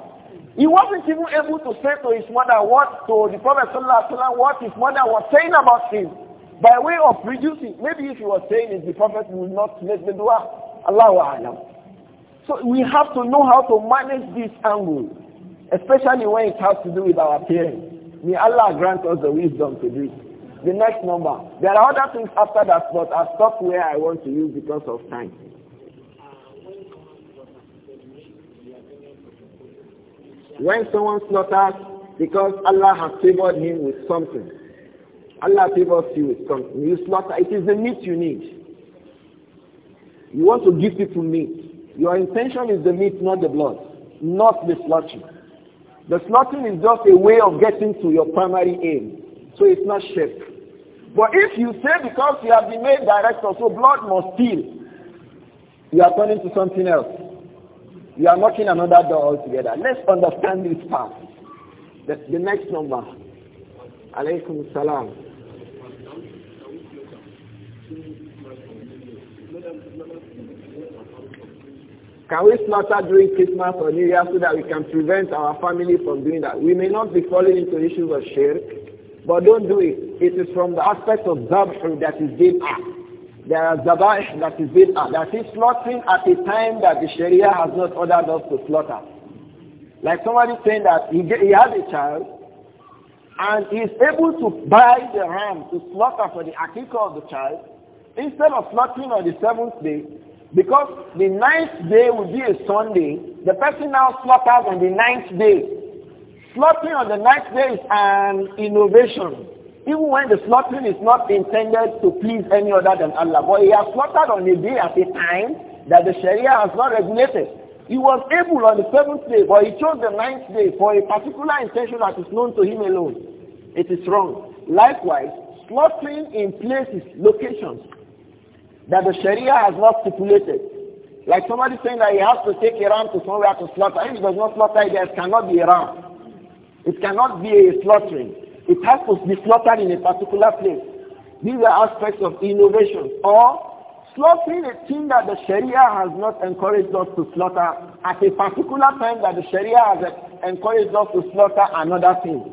He wasn't even able to say to his mother what, to the Prophet ﷺ, what his mother was saying about him. By way of reducing, maybe if he was saying it, the Prophet would not make the dua. Allahu Alam. So we have to know how to manage this angle, especially when it has to do with our parents. May Allah grant us the wisdom to do it. The next number. There are other things after that, but I'll stop where I want to use because of time. When someone slaughters because Allah has favored him with something, Allah favors you with something. You slaughter, it is the meat you need. You want to give people meat. Your intention is the meat, not the blood, not the slaughtering. The slaughtering is just a way of getting to your primary aim. So it's not shirk. But if you say because you have been made director, so blood must steal, you are turning to something else. You are knocking another door altogether. Let's understand this part. The, the next number. Alaykum salam. Can we slaughter during Christmas or New Year so that we can prevent our family from doing that? We may not be falling into issues of shirk, but don't do it. It is from the aspect of zabh that is deep. There are zabaih that is bid'ah, that is slaughtering at a time that the Sharia has not ordered us to slaughter. Like somebody saying that he, he has a child and he is able to buy the ram to slaughter for the akikah of the child instead of slaughtering on the seventh day because the ninth day will be a Sunday, the person now slaughters on the ninth day. Slaughtering on the ninth day is an innovation. Even when the slaughtering is not intended to please any other than Allah, but he has slaughtered on a day at a time that the Sharia has not regulated. He was able on the seventh day, but he chose the ninth day for a particular intention that is known to him alone. It is wrong. Likewise, slaughtering in places, locations that the Sharia has not stipulated. Like somebody saying that he has to take a ram to somewhere to slaughter. If he does not slaughter it, there cannot be a ram. It cannot be a slaughtering. It has to be slaughtered in a particular place. These are aspects of innovation. Or slaughtering a thing that the Sharia has not encouraged us to slaughter at a particular time that the Sharia has encouraged us to slaughter another thing.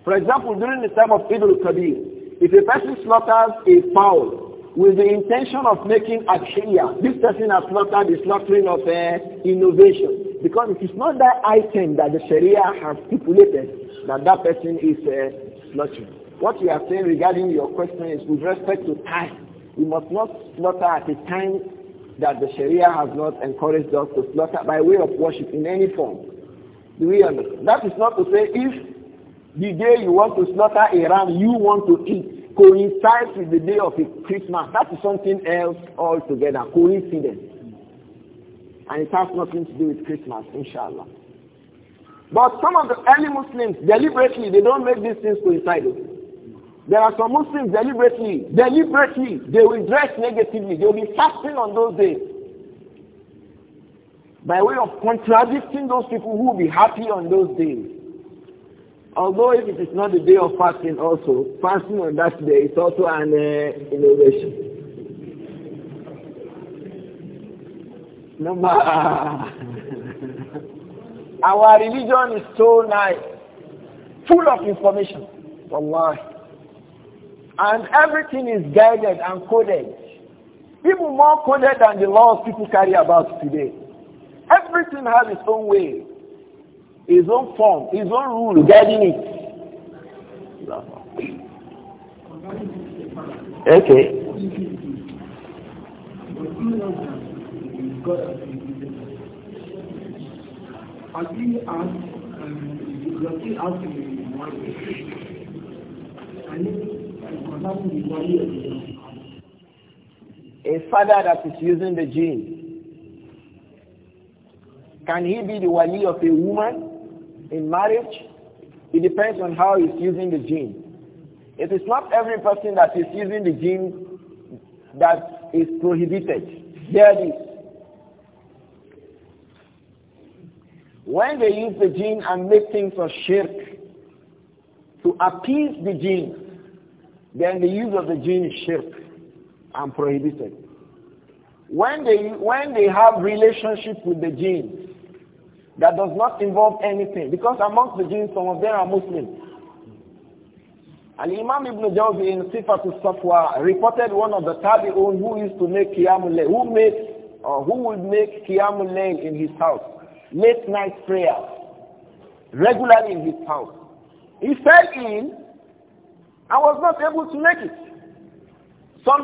For example, during the time of Eid al-Kabir, if a person slaughters a fowl with the intention of making a sharia, this person has slaughtered the slaughtering of uh, innovation. Because it is not that item that the Sharia has stipulated that that person is uh, what you are saying regarding your question is with respect to time. We must not slaughter at a time that the Sharia has not encouraged us to slaughter by way of worship in any form. Do we understand? That is not to say if the day you want to slaughter a ram you want to eat coincides with the day of Christmas. That is something else altogether, coincidence. And it has nothing to do with Christmas, inshallah. But some of the early Muslims, deliberately, they don't make these things coincide. There are some Muslims deliberately, deliberately, they will dress negatively. They will be fasting on those days. By way of contradicting those people who will be happy on those days. Although if it is not the day of fasting also, fasting on that day is also an uh, innovation. *laughs* Number *laughs* Our religion is so nice, full of information. Wallahi. And everything is guided and coded. Even more coded than the laws people carry about today. Everything has its own way, its own form, its own rule guiding it. Okay. as um, he has a the A father that is using the gene, can he be the wali of a woman in marriage? It depends on how he's using the gene. It is not every person that is using the gene that is prohibited. There is. When they use the jinn and make things of shirk to appease the jinn, then the use of the jinn is shirk and prohibited. When they, when they have relationship with the jinn that does not involve anything, because amongst the jinn some of them are Muslims. And Imam Ibn Jawzi in Sifat al-Safwa reported one of the tabi'un who used to make Qiyamul Layl, who made, or who would make Qiyamul Layl in his house late night prayer regularly in his house. He fell in I was not able to make it. Some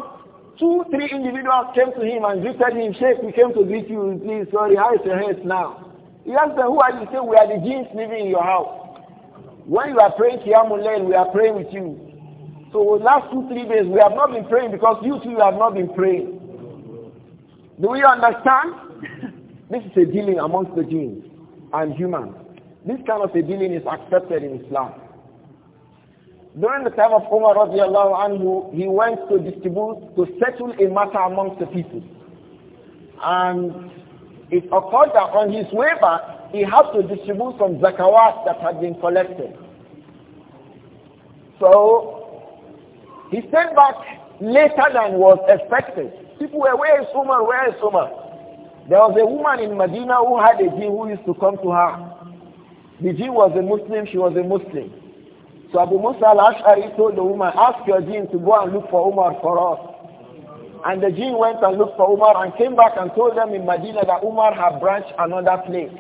two, three individuals came to him and greeted him, Sheikh, we came to greet you, please, sorry, how is your health now? He asked them, who are you? Say, we are the jinns living in your house. When you are praying Qiyamulayn, we are praying with you. So last two, three days, we have not been praying because you two have not been praying. Do we understand? This is a dealing amongst the jinns and humans. This kind of a dealing is accepted in Islam. During the time of Umar radiallahu anhu, he went to distribute, to settle a matter amongst the people. And it occurred that on his way back, he had to distribute some zakawat that had been collected. So, he stayed back later than was expected. People were, where is Umar, where is Umar? There was a woman in Medina who had a Jew who used to come to her. The Jew was a Muslim, she was a Muslim. So Abu Musa al-Ash'ari told the woman, ask your jinn to go and look for Umar for us. And the jinn went and looked for Umar and came back and told them in Medina that Umar had branched another place.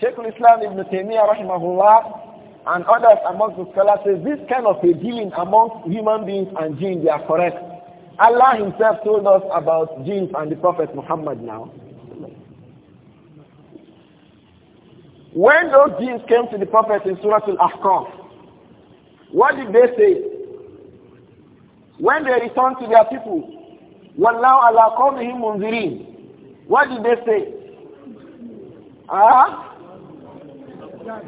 Sheikh al-Islam ibn Taymiyyah rahimahullah and others amongst the scholars say this kind of a dealing amongst human beings and jinn, they are correct. Allah himself told us about jinn and the Prophet Muhammad now. When those Jews came to the Prophet in Surah Al-Ahqaf, what did they say? When they returned to their people, Wallahu ala qawmihim munzirin. What did they say? Ah? Huh?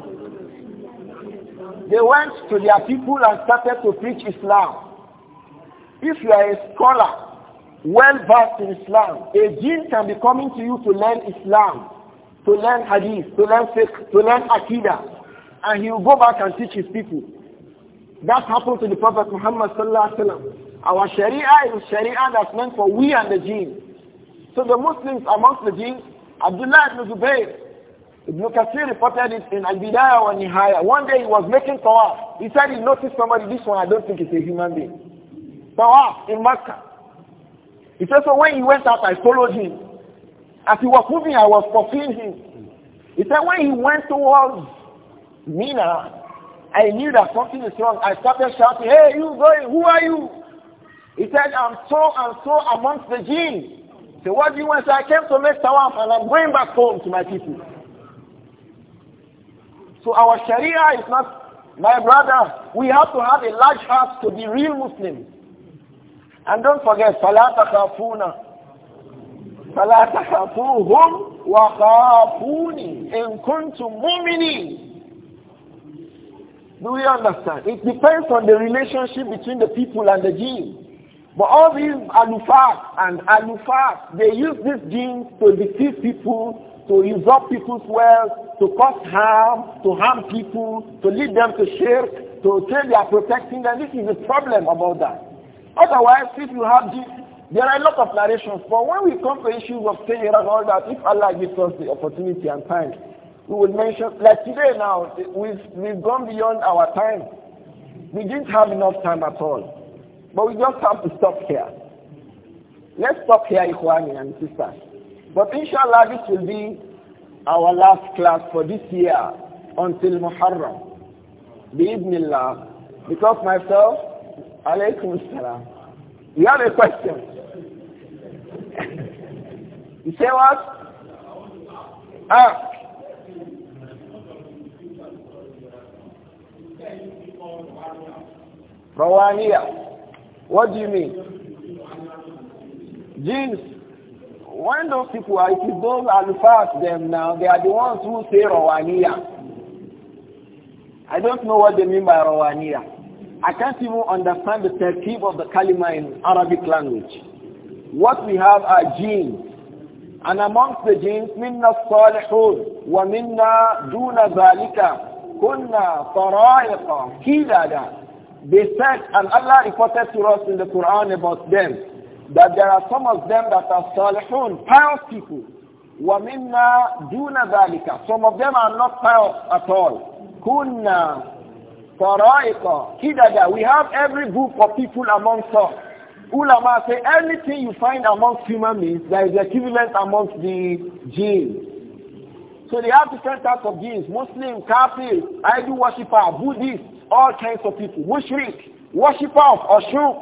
They went to their people and started to preach Islam. If you are a scholar, well versed in Islam, a jinn can be coming to you to learn Islam to learn hadith, to learn fiqh, to learn akida, And he will go back and teach his people. That happened to the Prophet Muhammad sallallahu alaihi wasallam. Our Sharia is Sharia that's meant for we and the jinn. So the Muslims amongst the jinn, Abdullah ibn Zubayr, Ibn Kathir reported it in Al-Bidayah wa Nihaya. One day he was making tawaf. He said he noticed somebody, this one I don't think is a human being. Tawaf in Makkah. He said, so when he went out, I followed him. As he was moving, I was pursuing him. He said, when he went towards Mina, I knew that something is wrong. I started shouting, hey, you going, who are you? He said, I'm so and so amongst the jinn. So what do you want? So I came to make tawaf and I'm going back home to my people. So our Sharia is not, my brother, we have to have a large heart to be real Muslims. And don't forget, al تَخَافُونَ فلا تخافوهم وخافوني إن كنتم مؤمنين Do we understand? It depends on the relationship between the people and the jinn. But all these alufat and alufat they use this jinn to deceive people, to usurp people's wealth, to cause harm, to harm people, to lead them to shirk, to say they are protecting them. This is the problem about that. Otherwise, if you have jinn. There are a lot of narrations, but when we come to issues of failure and all that, if Allah gives us the opportunity and time, we will mention, like today now, we've, we've gone beyond our time. We didn't have enough time at all. But we just have to stop here. Let's stop here, Ikhwani and sisters. But inshallah, this will be our last class for this year until Muharram. Bi-idhnillah. Because myself, alaykum as-salam. You have a question. you say what? Ah. Rawaniya. What do you mean? Jinns. When those people are, if those fast them now, they are the ones who say Rawaniya. I don't know what they mean by Rawaniya. I can't even understand the terkib of the kalima in Arabic language. What we have are genes. And amongst the genes, minna salihun wa minna duna zalika kunna fara'iqa kidada. They said, and Allah reported to us in the Quran about them, that there are some of them that are salihun, pious people. Wa minna duna zalika. Some of them are not pious at all. Kunna Kidada, we have every group of people amongst us. Ulama say anything you find amongst human beings, there is equivalent amongst the jinn. So they have different types of genes: Muslim, Kafir, idol worshipper, Buddhist, all kinds of people. Mushrik, worshipper of Ashur,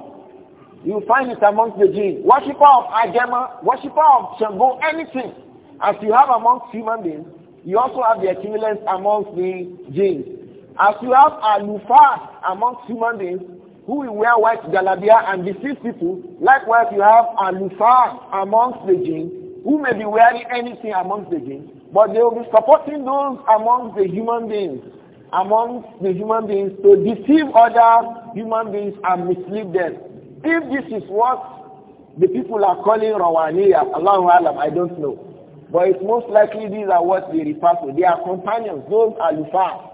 you find it amongst the jinn. Worshipper of Agama, worshipper of Shango, anything. As you have amongst human beings, you also have the equivalent amongst the jinn. As you have alufa amongst human beings who will wear white galabia and deceive people, likewise you have alufa amongst the jinn who may be wearing anything amongst the jinn, but they will be supporting those amongst the human beings, amongst the human beings to deceive other human beings and mislead them. If this is what the people are calling Rawaniya, Allahu Alam, I don't know. But it's most likely these are what they refer to. They are companions, those alufa.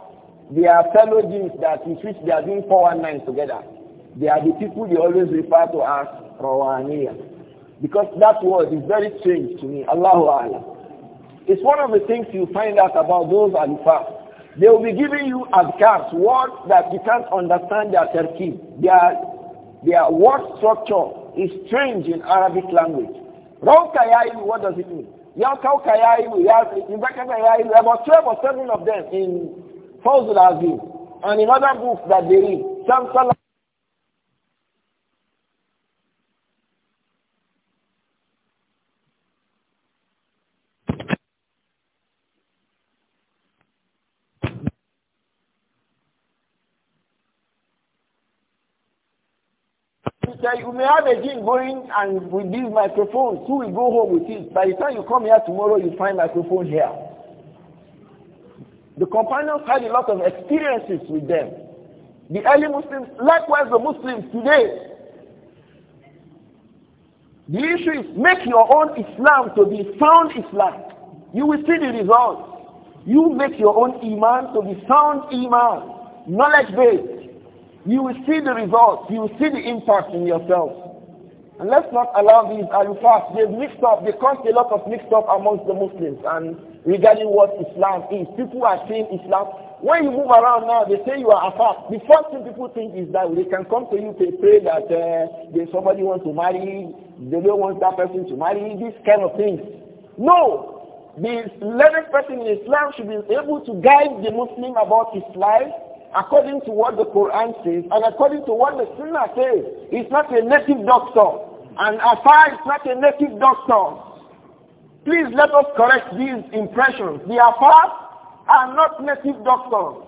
They are fellow Jews that in which they are doing 419 together. They are the people they always refer to as Rawaniya. Because that word is very strange to me. Allahu Alam. It's one of the things you find out about those alifas. They will be giving you adhkars, words that you can't understand their terkib. Their, their word structure is strange in Arabic language. Ronkayayu, what does it mean? Yankaukayayu, Yazikakayayu, about 12 or 7 of them in Fawzul Aziz, and in other books that they read, Shamsul you may have a gym going and with these microphones, who will go home with it? By the time you come here tomorrow, you find microphone here. The companions had a lot of experiences with them. The early Muslims, likewise the Muslims today. The issue is make your own Islam to be sound Islam. You will see the results. You make your own Iman to be sound Iman, knowledge based. You will see the results. You will see the impact in yourself. And let's not allow these alufas. They've mixed up. They caused a lot of mixed up amongst the Muslims. And regarding what Islam is. People are saying Islam. When you move around now, they say you are apart. The first thing people think is that they can come to you to pray that uh, they, somebody wants to marry, they don't want that person to marry, these kind of things. No! The learned person in Islam should be able to guide the Muslim about his life according to what the Quran says and according to what the Sunnah says. It's not a native doctor. And Afar is not a native doctor. Please let us correct these impressions. They are far are not native doctors.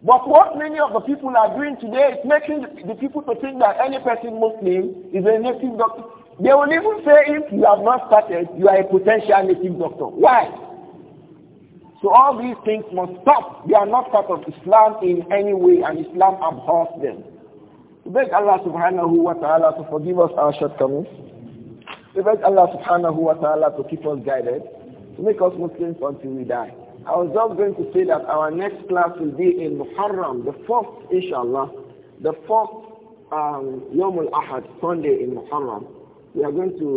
But what many of the people are doing today is making the people to think that any person Muslim is a native doctor. They will even say if you have not started, you are a potential native doctor. Why? So all these things must stop. They are not part of Islam in any way and Islam abhors them. We beg Allah subhanahu wa ta'ala to forgive us our shortcomings. We beg Allah subhanahu wa ta'ala to keep us guided, to make us Muslims until we die. I was just going to say that our next class will be in Muharram, the fourth, inshallah, the fourth um, Yom al-Ahad, Sunday in Muharram. We are going to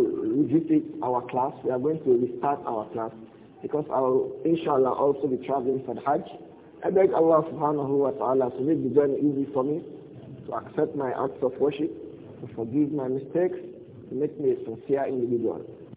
revisit our class. We are going to restart our class because I will, inshallah, also be traveling for the Hajj. I beg Allah subhanahu wa ta'ala to make the journey easy for me, to accept my acts of worship, to forgive my mistakes, to make me a sincere individual.